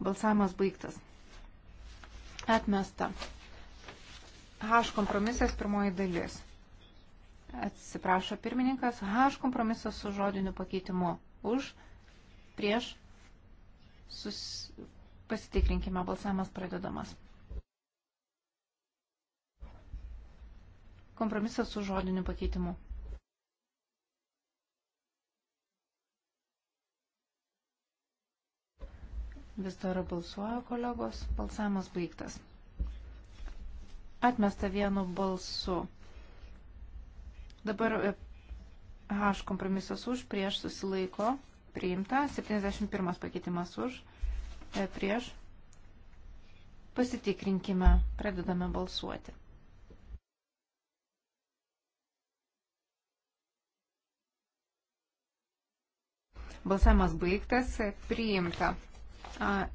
Balsavimas baigtas. Atmesta. H kompromisas pirmoji dalis. Atsiprašo pirmininkas. H kompromisas su žodiniu pakeitimu. Už, prieš, sus... pasitikrinkime, balsavimas pradedamas. Kompromisas su žodiniu pakeitimu. Vis dar balsuoja kolegos. Balsavimas baigtas. Atmesta vienu balsu. Dabar e, H kompromisas už, prieš susilaiko, priimta. 71 pakeitimas už, e, prieš. Pasitikrinkime, pradedame balsuoti. Balsamas baigtas, e, priimta.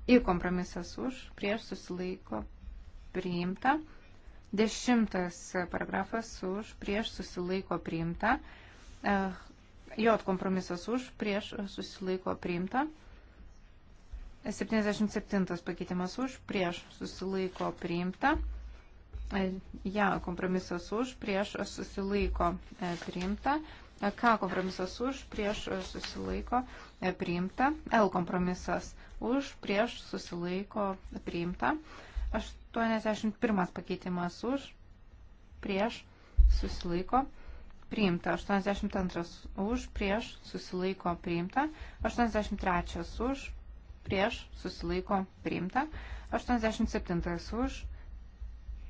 Į kompromisas už, prieš susilaiko, priimta. Dešimtas paragrafas už, prieš susilaiko priimta. E, J kompromisas už, prieš susilaiko priimta. 77 pakeitimas už, prieš susilaiko priimta. E, ja kompromisas už, prieš susilaiko e, priimta. K kompromisas už, prieš susilaiko priimta. L kompromisas už, prieš susilaiko priimta. Aš 81 pakeitimas už, prieš, susilaiko, priimta. 82 už, prieš, susilaiko, priimta. 83 už, prieš, susilaiko, priimta. 87 už,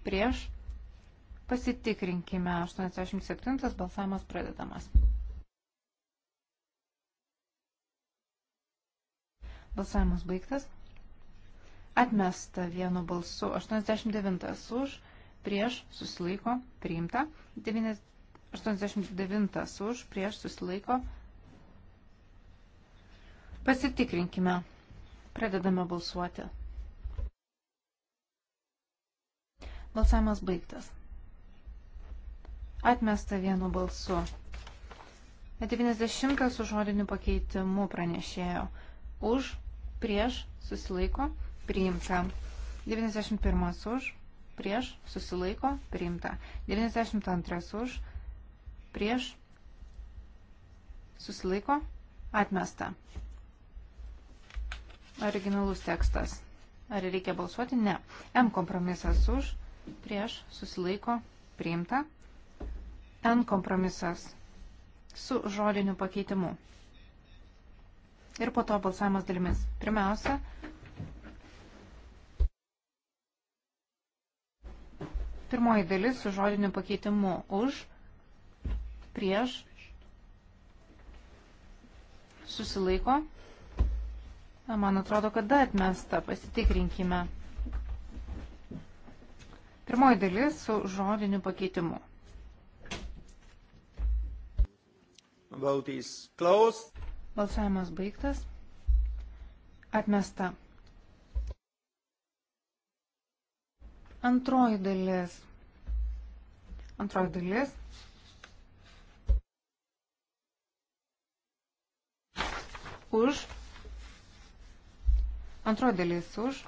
prieš, pasitikrinkime. 87 balsavimas pradedamas. Balsavimas baigtas. Atmesta vienu balsu. 89 už, prieš, susilaiko, priimta. 89 už, prieš, susilaiko. Pasitikrinkime. Pradedame balsuoti. Balsavimas baigtas. Atmesta vienu balsu. 90 su žodiniu pakeitimu pranešėjo. Už, prieš, susilaiko, priimta priimta. 91 už, prieš, susilaiko, priimta. 92 už, prieš, susilaiko, atmesta. Originalus tekstas. Ar reikia balsuoti? Ne. M kompromisas už, prieš, susilaiko, priimta. N kompromisas su žodiniu pakeitimu. Ir po to balsavimas dalimis. Pirmiausia, Pirmoji dalis su žodiniu pakeitimu už, prieš, susilaiko. Man atrodo, kad da atmesta, pasitikrinkime. Pirmoji dalis su žodiniu pakeitimu. Balsavimas baigtas. Atmesta. Antroji dalis. Antroji dalis. Už. Antroji dalis už.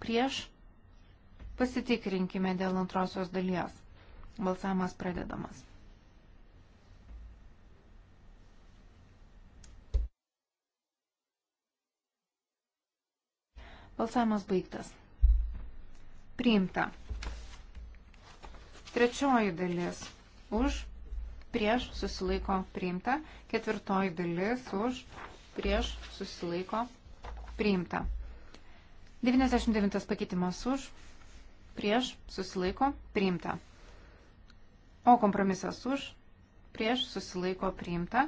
Prieš. Pasitikrinkime dėl antrosios dalies. Balsavimas pradedamas. Balsavimas baigtas. Priimta. Trečioji dalis už, prieš susilaiko priimta. Ketvirtoji dalis už, prieš susilaiko priimta. 99 pakeitimas už, prieš susilaiko priimta. O kompromisas už, prieš susilaiko priimta.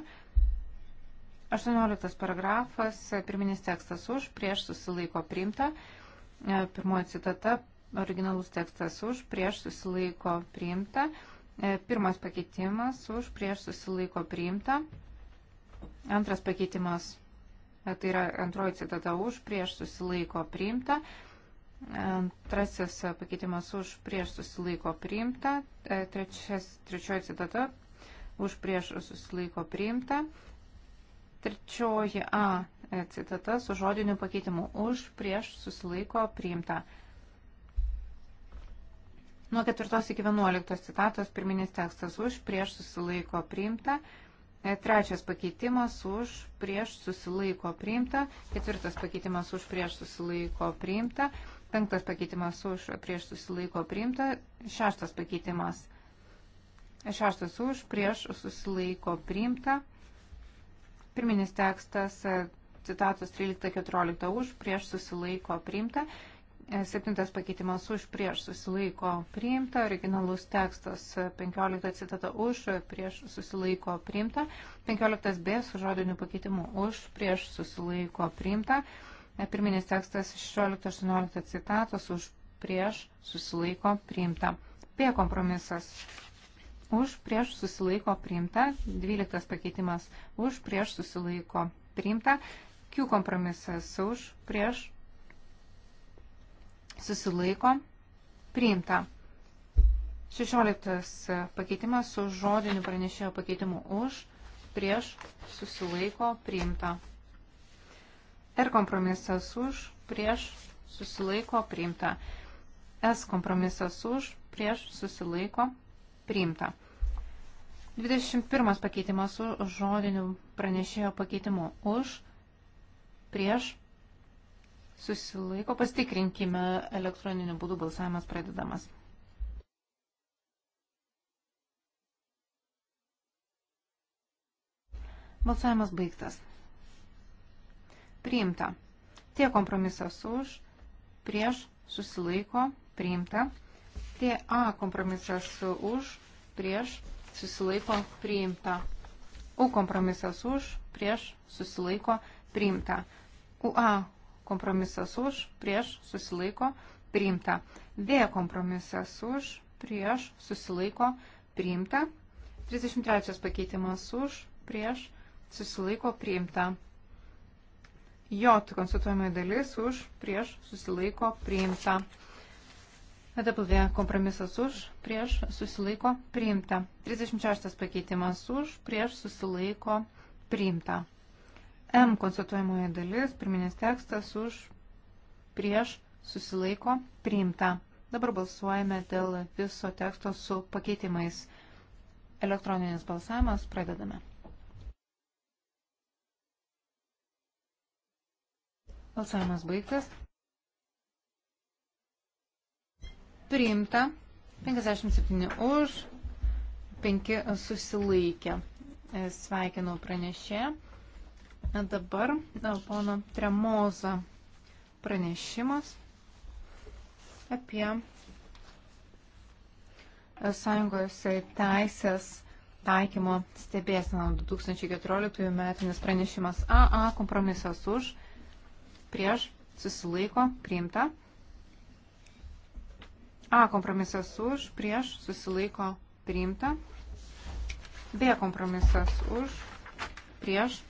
18 paragrafas, pirminis tekstas už, prieš susilaiko priimta. E, pirmoji citata, originalus tekstas už, prieš susilaiko priimta. E, pirmas pakeitimas už, prieš susilaiko priimta. Antras pakeitimas, e, tai yra antroji citata už, prieš susilaiko priimta. Antrasis pakeitimas už, prieš susilaiko priimta. Trečias, trečioji citata už, prieš susilaiko priimta. Trečioji A e, citata su žodiniu pakeitimu už, prieš, susilaiko, priimta. Nuo 4 iki 11 citatos pirminis tekstas už, prieš, susilaiko, priimta. E, trečias pakeitimas už, prieš, susilaiko, priimta. Ketvirtas pakeitimas už, prieš, susilaiko, priimta. Penktas pakeitimas už, prieš, susilaiko, priimta. Šeštas pakeitimas. Šeštas už, prieš, susilaiko, priimta. Pirminis tekstas e, citatos 13-14 už, prieš susilaiko priimta. E, septintas pakeitimas už, prieš susilaiko priimta. Originalus tekstas 15 e, citata už, prieš susilaiko priimta. 15 b su žodiniu pakeitimu už, prieš susilaiko priimta. Pirminis tekstas 16-18 citatos už, prieš susilaiko priimta. P kompromisas už prieš susilaiko priimta, 12 pakeitimas už prieš susilaiko priimta, Q kompromisas už prieš susilaiko priimta. 16 pakeitimas su žodiniu pranešėjo pakeitimu už prieš susilaiko priimta. R kompromisas už prieš susilaiko priimta. S kompromisas už prieš susilaiko priimta priimta. 21 pakeitimas su žodiniu pranešėjo pakeitimu už, prieš, susilaiko, pastikrinkime elektroniniu būdu balsavimas pradedamas. Balsavimas baigtas. Priimta. Tie kompromisas už, prieš, susilaiko, priimta. Tie A kompromisas už, prieš, susilaiko susilaiko priimta. U kompromisas už, prieš susilaiko priimta. UA kompromisas už, prieš susilaiko priimta. V kompromisas už, prieš susilaiko priimta. 33 pakeitimas už, prieš susilaiko priimta. J konstatuojama dalis už, prieš susilaiko priimta. EDPV kompromisas už, prieš, susilaiko, priimta. 36 pakeitimas už, prieš, susilaiko, priimta. M konstatuojamoje dalis, pirminis tekstas už, prieš, susilaiko, priimta. Dabar balsuojame dėl viso teksto su pakeitimais. Elektroninis balsavimas, pradedame. Balsavimas baigtas. Priimta. 57 už, 5 susilaikė. E, Sveikinau pranešė. Dabar pono Tremoza pranešimas apie e, Sąjungos teisės taikymo stebėsena 2014 metinis pranešimas AA kompromisas už, prieš, susilaiko, priimta. A kompromisas už, prieš, susilaiko, priimta. B kompromisas už, prieš,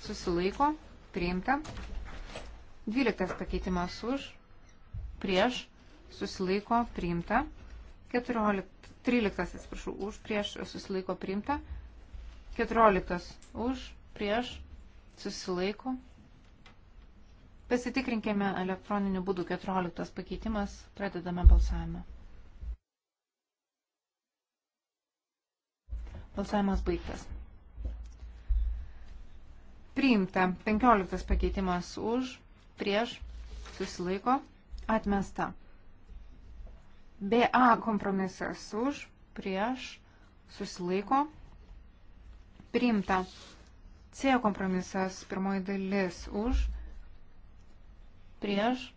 susilaiko, priimta. 12 pakeitimas už, prieš, susilaiko, priimta. 14, 13, atsiprašau, už, prieš, susilaiko, priimta. 14 už, prieš, susilaiko, Pasitikrinkime elektroniniu būdu 14 pakeitimas, pradedame balsavimą. Balsavimas baigtas. Priimta 15 pakeitimas už, prieš, susilaiko, atmesta. BA kompromisas už, prieš, susilaiko, priimta. C kompromisas pirmoji dalis už, prieš prieš,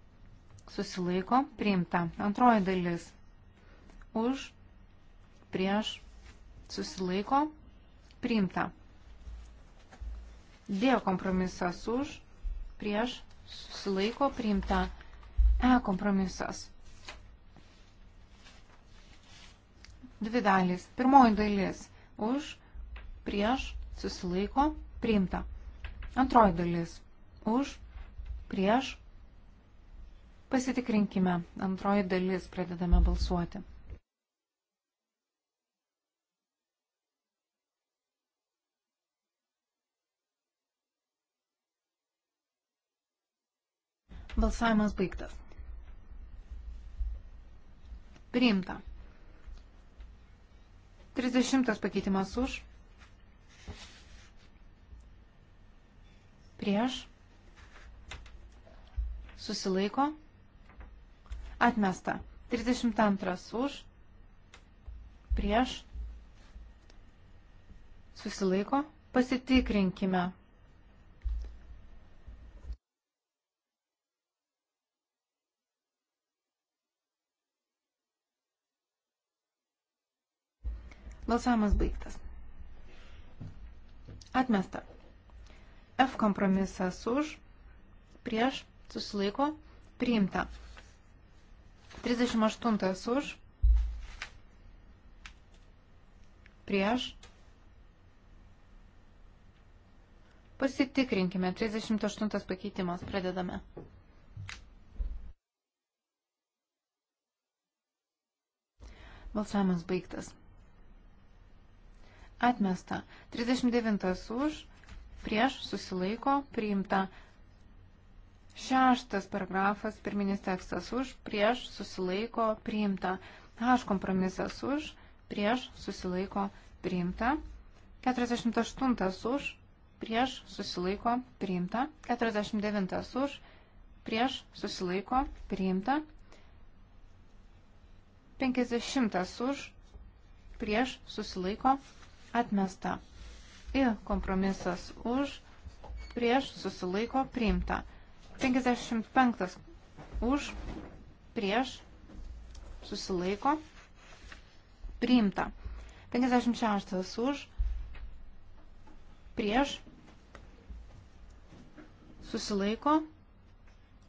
susilaiko, priimta. Antroji dalis, už, prieš, susilaiko, priimta. D kompromisas už, prieš, susilaiko, priimta. E kompromisas. Dvi dalys. Pirmoji dalis, už, prieš, susilaiko, priimta. Antroji dalis, už, prieš, Pasitikrinkime. Antroji dalis pradedame balsuoti. Balsavimas baigtas. Priimta. 30 pakeitimas už. Prieš. Susilaiko. Atmesta. 32 už. Prieš. Susilaiko. Pasitikrinkime. Balsavimas baigtas. Atmesta. F kompromisas už, prieš, susilaiko, priimta. 38 už, prieš. Pasitikrinkime, 38 pakeitimas, pradedame. Balsavimas baigtas. Atmesta. 39 už, prieš, susilaiko, priimta. Šeštas paragrafas, pirminis tekstas už, prieš, susilaiko, priimta. H kompromisas už, prieš, susilaiko, priimta. 48 už, prieš, susilaiko, priimta. 49 už, prieš, susilaiko, priimta. 50 už, prieš, susilaiko, atmesta. I kompromisas už, prieš, susilaiko, priimta. 55 už, prieš, susilaiko, priimta. 56 už, prieš, susilaiko,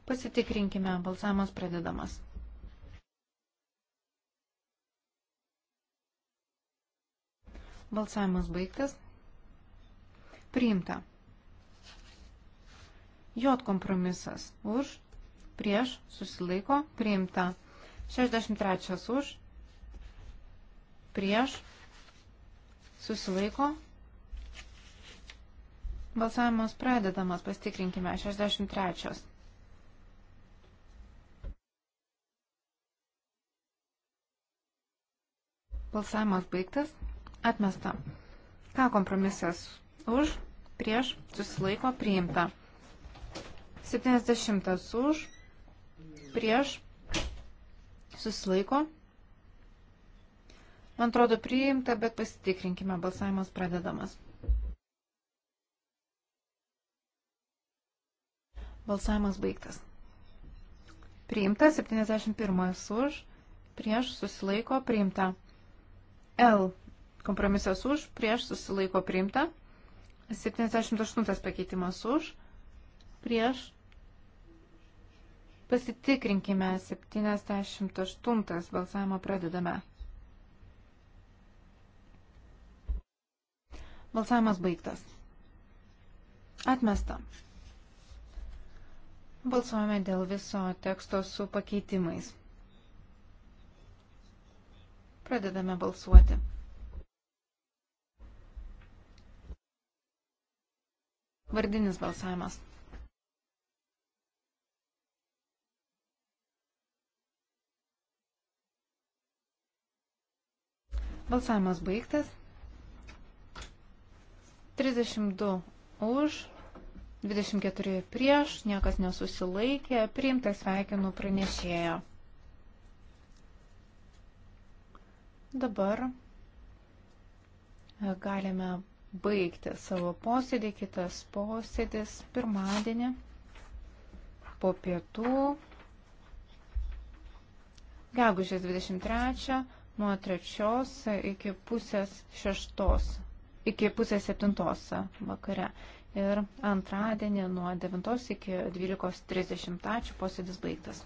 pasitikrinkime, balsavimas pradedamas. Balsavimas baigtas. Priimta. J kompromisas už, prieš, susilaiko, priimta. 63 už, prieš, susilaiko. Balsavimas pradedamas, pastikrinkime, 63. Balsavimas baigtas, atmesta. Ką kompromisas už, prieš, susilaiko, priimta. 70 už, prieš, susilaiko. Man atrodo priimta, bet pasitikrinkime, balsavimas pradedamas. Balsavimas baigtas. Priimta 71 už, prieš susilaiko priimta. L. Kompromisas už, prieš susilaiko priimta. 78 pakeitimas už, prieš. Pasitikrinkime 78 balsavimą pradedame. Balsavimas baigtas. Atmesta. Balsuojame dėl viso teksto su pakeitimais. Pradedame balsuoti. Vardinis balsavimas. Balsavimas baigtas. 32 už, 24 prieš, niekas nesusilaikė, priimtas sveikinu pranešėjo. Dabar e, galime baigti savo posėdį, kitas posėdis pirmadienį po pietų, gegužės 23 nuo trečios iki pusės šeštos, iki pusės septintos vakare. Ir antradienį nuo 9 iki 12.30. Ačiū, posėdis baigtas.